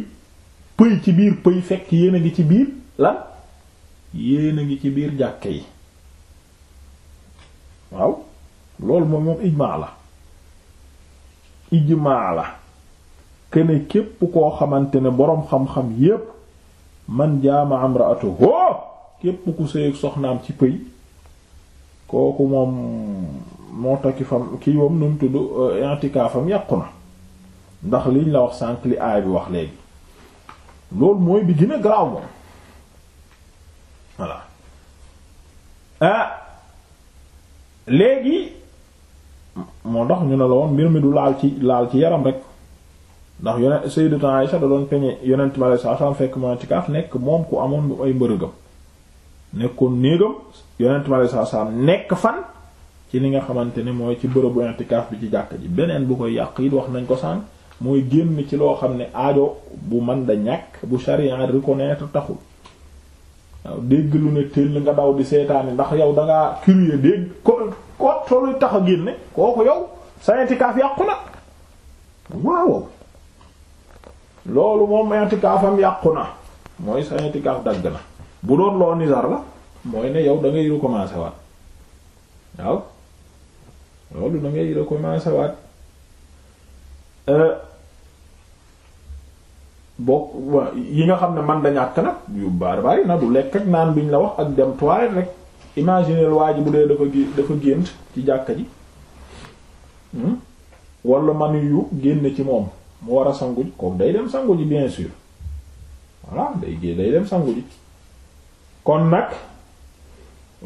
pëy ci biir pëy fekk yéen a ngi ci biir lan yéen ngi ci biir jàkk yi waaw loolu moom ijmaa la ijmaa la kene képp koo xamante ne boroom xam-xam yépp man jaama amraatuhu oh! képp ku sëy soxnaam ci pëy kooku moom moo takki fam ki wam nu mu tudd eh, intikaafam yàqu na ndax liñ la wax sànq li aay bi wax léegi loolu mooy bi gën a garaaw moom voilà ah. léegi moo tax ñu ne la woon mbir mi du laal ci laal ci yaram rek ndax yonent Sayyidatu Aisha da doon peñe yonent bi alayhi salaam fekk mu i'tikaaf nekk moom ku amoon ay mbërëgam nekkoon néegam yonent bi alayhi nekk fan ci li nga xamante ne mooy ci bërëbu i'tikaaf bi ci jàkk ji beneen bu koy yàq it wax nañ ko sànq. mooy génn ci loo xam ne aajo bu man da ñàkk bu sharia reconnaître taxul waaw dégg lu ne tëll nga daw di seetaani ndax yow dangaa curieux dégg ko ko soluy tax a génne kooku yow sa intikaaf yàqu na waaw loolu moom intikaafam yàqu na mooy sa intikaaf dagg na bu doon loo nizar la mooy ne yow da ngay recommencer waat waaw loolu da ngay waat euh, bokk yi nga xam ne man da ñàkk nag yu baar bari na du lekk ak naan ñu la wax ak dem toilette rek imaginer waa ji bu dee dafa dafa gént ci jàkka ji wala man yu génn ci moom mu war a sangu ji kooku day dem sangu ji bien sûr voilà day gé day dem sangu ji kon nag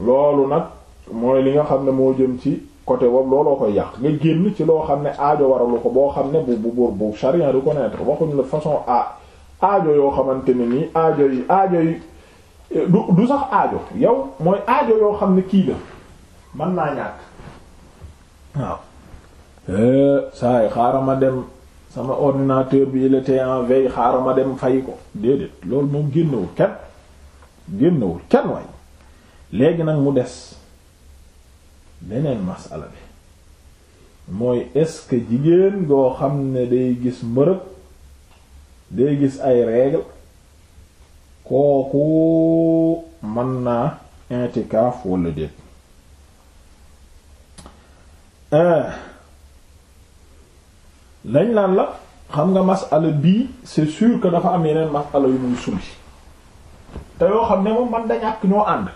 loolu nag mooy li nga xam ne moo jëm ci côté boobu looloo koy yàq nga génn ci loo xam ne aajo waralu ko boo xam ne bu bu bu bu charia reconnaître waxuñ la façon a aajo yoo xamante ne nii aajo yi aajo yi du du sax aajo yow mooy aajo yoo xam ne kii la man naa ñàkk waaw eh, saa yi xaaral ma dem sama ordinateur bi il était en veille xaaral ma dem fay ko déedéet loolu moom génnewul kenn génnewul kenn way léegi nag mu des beneen masala bi mooy est-ce jigéen goo xam ne day gis mbërëg day gis ay règle kooku mën naa intikaaf wala déet euh, lañ naan la xam nga masala bii c'est sûr que dafa am yeneen masala yu muy sumbi te yoo xam ne moom man da ñàkk ñoo ànd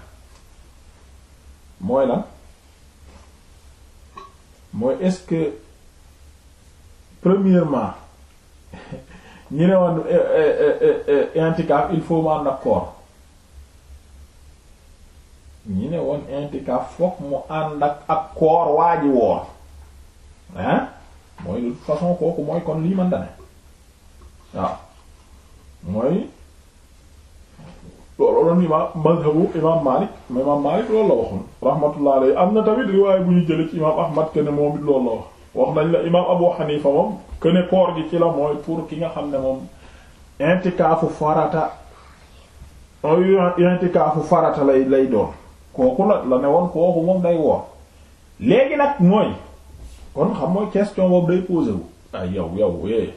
mooy lan mooy est-ce que premièrement ñu ne woon eh, eh, eh, intikaaf il faut mu ànd ak koor ñu ne woon intikaaf fokk mu ànd ak koor waa ji woor mooy de toute façon kooku mooy kon lii man dane waaw mooy loolu loolu imaam rahmatullah alayhi am na tamit riwaay bu ñu jëlee ci imaam Ahmad kenn moom it loolu la wax nañ la imaam Abu Hanifa moom que ne gi ci la mooy pour ki nga xam ne moom intikaafu farata mooy intikaafu farata lay lay doon kooku la la ne woon kooku moom day woor léegi nag mooy kon xam mooy question boobu day posé wu ay yow yow é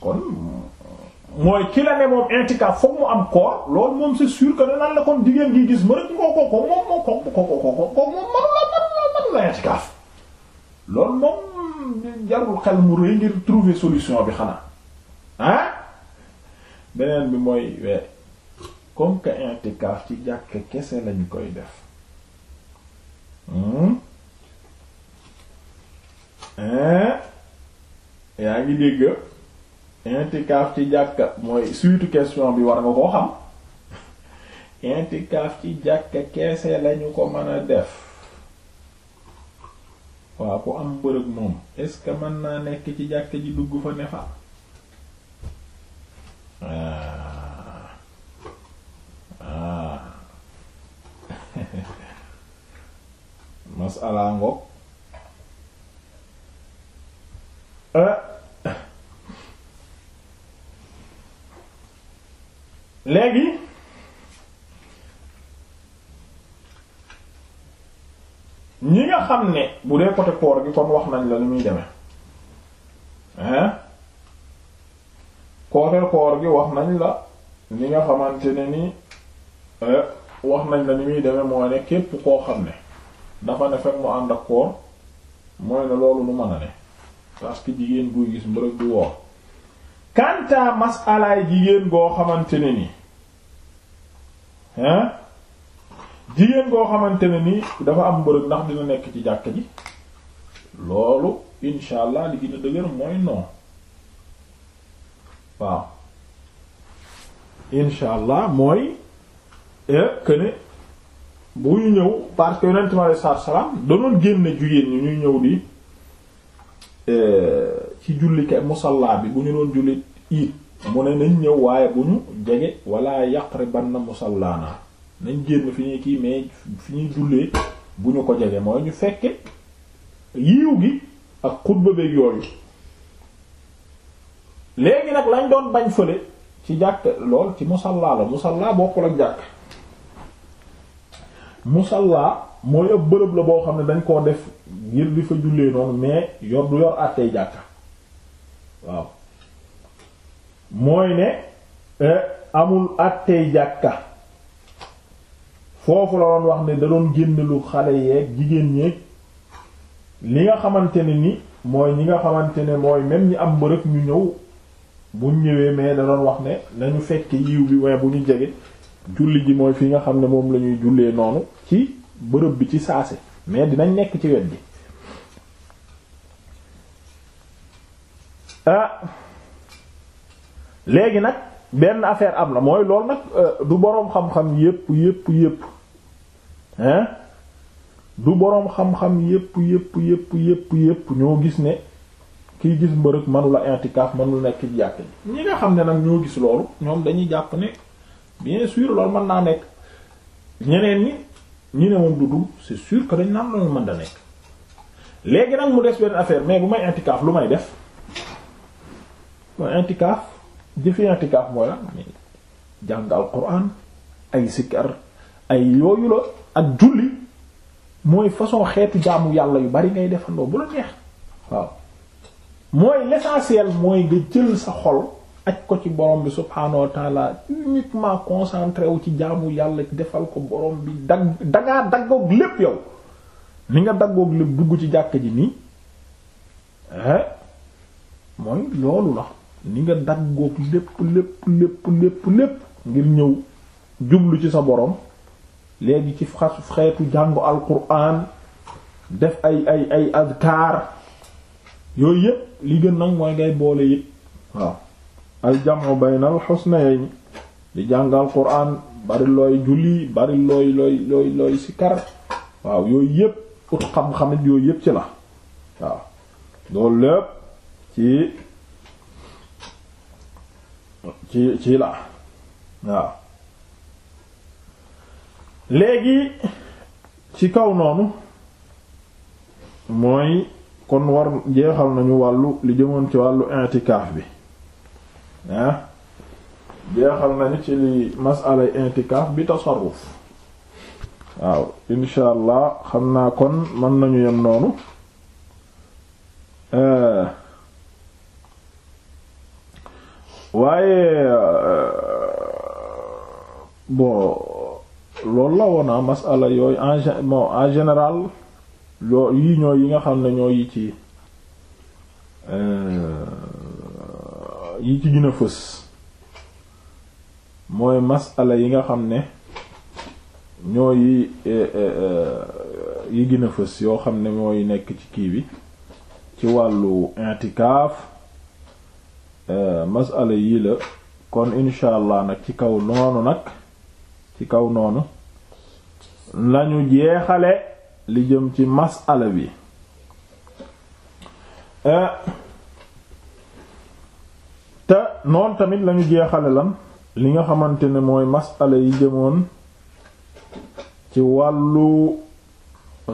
kon mooy ki la ne moom intikaaf foog mu am koor loolu moom c'est sûr que danaan la kon jigéen gi gis ma rek ko ko moom moom ko ko ko ko ko la loolu moom jarul xel mu rëy ngir trouver solution bi xanaa ah beneen bi mooy we comme que i'tikaaf ci jàkka kese lañ koy def hmm? yaa ngi dégg mooy surtout question bi war nga koo xam i'tikaaf ci jàkka kese lañu ko mën a def waaw ku am bërëg moom est-ce que mën naa nekk ci jàkk ji dugg fa ne fa ah ah ngoog eh. léegi nga xam ne bu dee côté koor gi kon wax nañ la li muy demee hein côté koor gi wax nañ la ni nga xamante ne ni euh, wax nañ la ni muy demee mooy ne képp koo xam ne dafa ne fekk mu ànd ak koor mooy ne loolu lu mën a ne parce jigéen buy gis mbërëg du woor kanta masalaay jigéen goo xamante ne ni jigéen boo xamante ne nii dafa am mbërëg ndax dina nekk ci jàkk ji loolu insha allah li dëgër mooy non waaw insha allah mooy eh, que ne bu ñu ñëw parce que yonent mi alei salaatu salaam danoon génne jigéen ñi ñuy ñëw di eh, ci julli kay musalla bi bu ñu doon julli it mu ne nañ ñëw waaye bu ñu jege banna yaqribanna musallana nañ génn fi ñuy kii mais fi ñuy jullee bu ñu ko jege mooy ñu fekke yiiw gi ak xutba beeg yooyu léegi nag lañ doon bañ fële ci jàkk lool ci musalla la musalla bokkul ak jàkk musalla mooy ab bërëb la boo xam ne dañ koo def ngir di fa jullee noonu mais yor du yor àttee jàkka waaw mooy ne eh, amul àttee jàkka foofu la doon wax ne da doon génn lu xale yeeg jigéen ñeeg li nga xamante ne ni mooy ñi nga xamante ne mooy même ñi am bërëb ñu ñëw buñ ñëwee mais da doon wax ne nañu fekk yiw bi waaye bu ñu jege julli ji mooy fii nga xam ne moom la ñuy jullee noonu ci bërëb bi ci saase mais dinañ nekk ci wet bi ah, léegi nag benn affaire am na mooy loolu nag euh, du boroom xam-xam yépp yépp yépp hein du boroom xam-xam yépp yépp yépp yépp yépp ñoo gis ne kiy gis mbërëg manula intikaaf manula nekk ci jàkk ji xam ne nag ñoo gis loolu ñoom dañuy jàpp ne bien mën naa nekk ñeneen ñi ñi ne moom du du c'est sûr que dañ naan loolu mën da nekk léegi nag mu des benn affaire mais bu may intikaaf lu may def mooy intikaaf jëfe i'tikaaf mooy la jàng alquran ay sikkar ay yooyu la ak julli mooy façon xeeti jaamu yàlla yu bari ngay defandoo bu la neex waaw mooy l'essentiel mooy nga jël sa xol aj ko ci borom bi subhaanahu wa taala uniquement concentré wu ci jaamu yàlla defal ko borom bi dag dangaa daggoog lépp yow ni nga daggoog lépp dugg ci jàkk ji nii mooy loolu la ni nga daggoog lépp lépp lépp lépp lépp ngir ñëw jublu ci sa boroom léegi ci xas xeetu jàngu alquran def ay ay ay azkar yooyu yépp li gën nag mooy ngay boole yépp waaw aljamu baynal husnayn di jàng alquran bari looy julli bari looy looy looy sikar waaw yooyu yépp ut xam-xamit yooyu yépp ci la waaw loolu lépp ci ci ci la waaw léegi ci kaw noonu mooy kon war jeexal nañu wàllu li jëmoon ci wàllu intikaaf bi ah jeexal nañu ci li masalay intikaaf bi tasarruf waaw insha allah xam naa kon mën nañu yem noonu eh. waaye euh, bon loolu la woon a ah, masala yooyu en en général yoo yi ñooy yi nga xam ne ñoo yi ci euh, yi ci gën a fës mooy masala yi nga xam ne ñoo yi e, e, e, yi gën a fës yoo xam ne mooy nekk ci kii bi ci wàllu intikaaf Euh, masala yii la kon incha nag ci kaw noonu nag ci kaw noonu lañu jeexale li jëm ci masala bi euh, te noon tamit lañu jeexale lan li nga xamante ne mooy masala yi jëmoon ci wàllu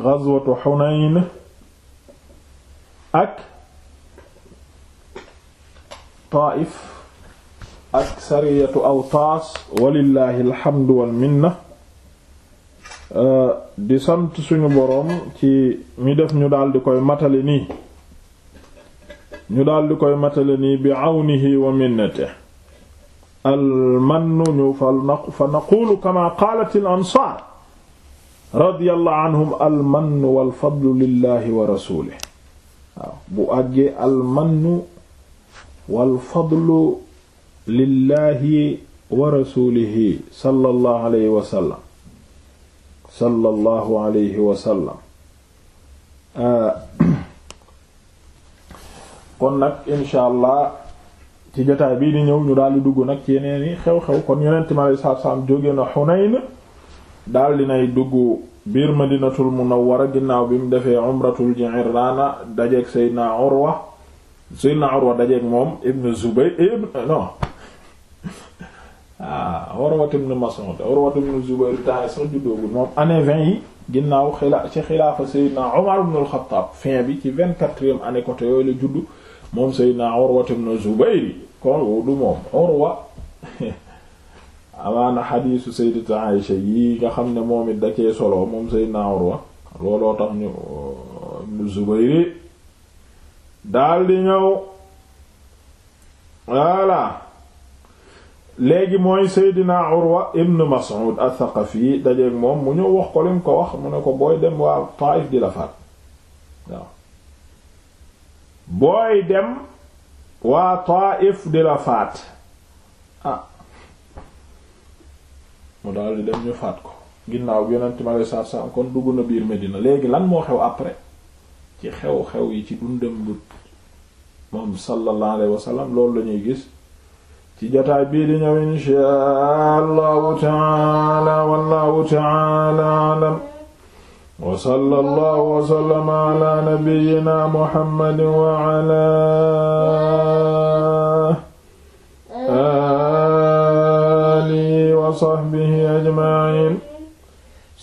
ghazwatu Hunayn ak Taif ak sariyatu Awtaas walillahi alhamdu wal minna eh, di sant suñu boroom ci mi def ñu daldi koy matale daldi koy matale bi awnihi wa minnatihi almannu ñu fa naqulu kama qaalat al ansaar radiyallahu almannu wal lillahi wa bu àggee almannu wal fadlu lillahi wa rasulihi sallallahu alayhi wa sallam sallallahu alayhi wa ah, kon nag incha allah ci jotaay bii di ñëw ñu daal di dugg nag ci yeneen i xew-xew kon yonent mi alayhi salaatu salaam jóge na Xunayn daal dinay dugg biir madinatul munawwara ginnaaw bi mu defee umratul Ji'irraana dajeek Seydina Urwa Seydina Urwa dajeeg moom Ibn Zubayr non ah Urwa ibn Mas'ud Urwa ibn Zubayr tax sax juddoogul moom année vingt yi ginnaaw ci xilaafa Seydina Umar ibn al fin bi ci vingt-quatrième année côté yooyu la juddu moom Seydina Urwa ibn Zubayr kon woo du moom Urwa amaana xadiisu Sayyidatu Aïsha yi nga xam ne moom it da solo moom Seydina Urwa looloo tax ñu ibn Zubayr daldi ñëw voilà léegi mooy Seydina Urwa ibn Mas'ud al-Thaqafi dajeeg moom mu ñëw wax ko lim ko wax mu ne ko booy dem waa Taif di la faat waaw booy dem waa Taif di la faat ah mu daldi dem ñu faat ko ginnaaw yonent ma lay saar saam kon dugg na biir Medina léegi lan moo xew après ci xew-xew yi ci dundam bu moom sallallahu alayhi wa sallam loolu lañuy gis ci jotaay bii di ñëw inshaa allahu taala wallahu taala alam wa sallallahu wa sallama ala nabiyyina muhammadin wa ala alihi wa sahbihi ajma'in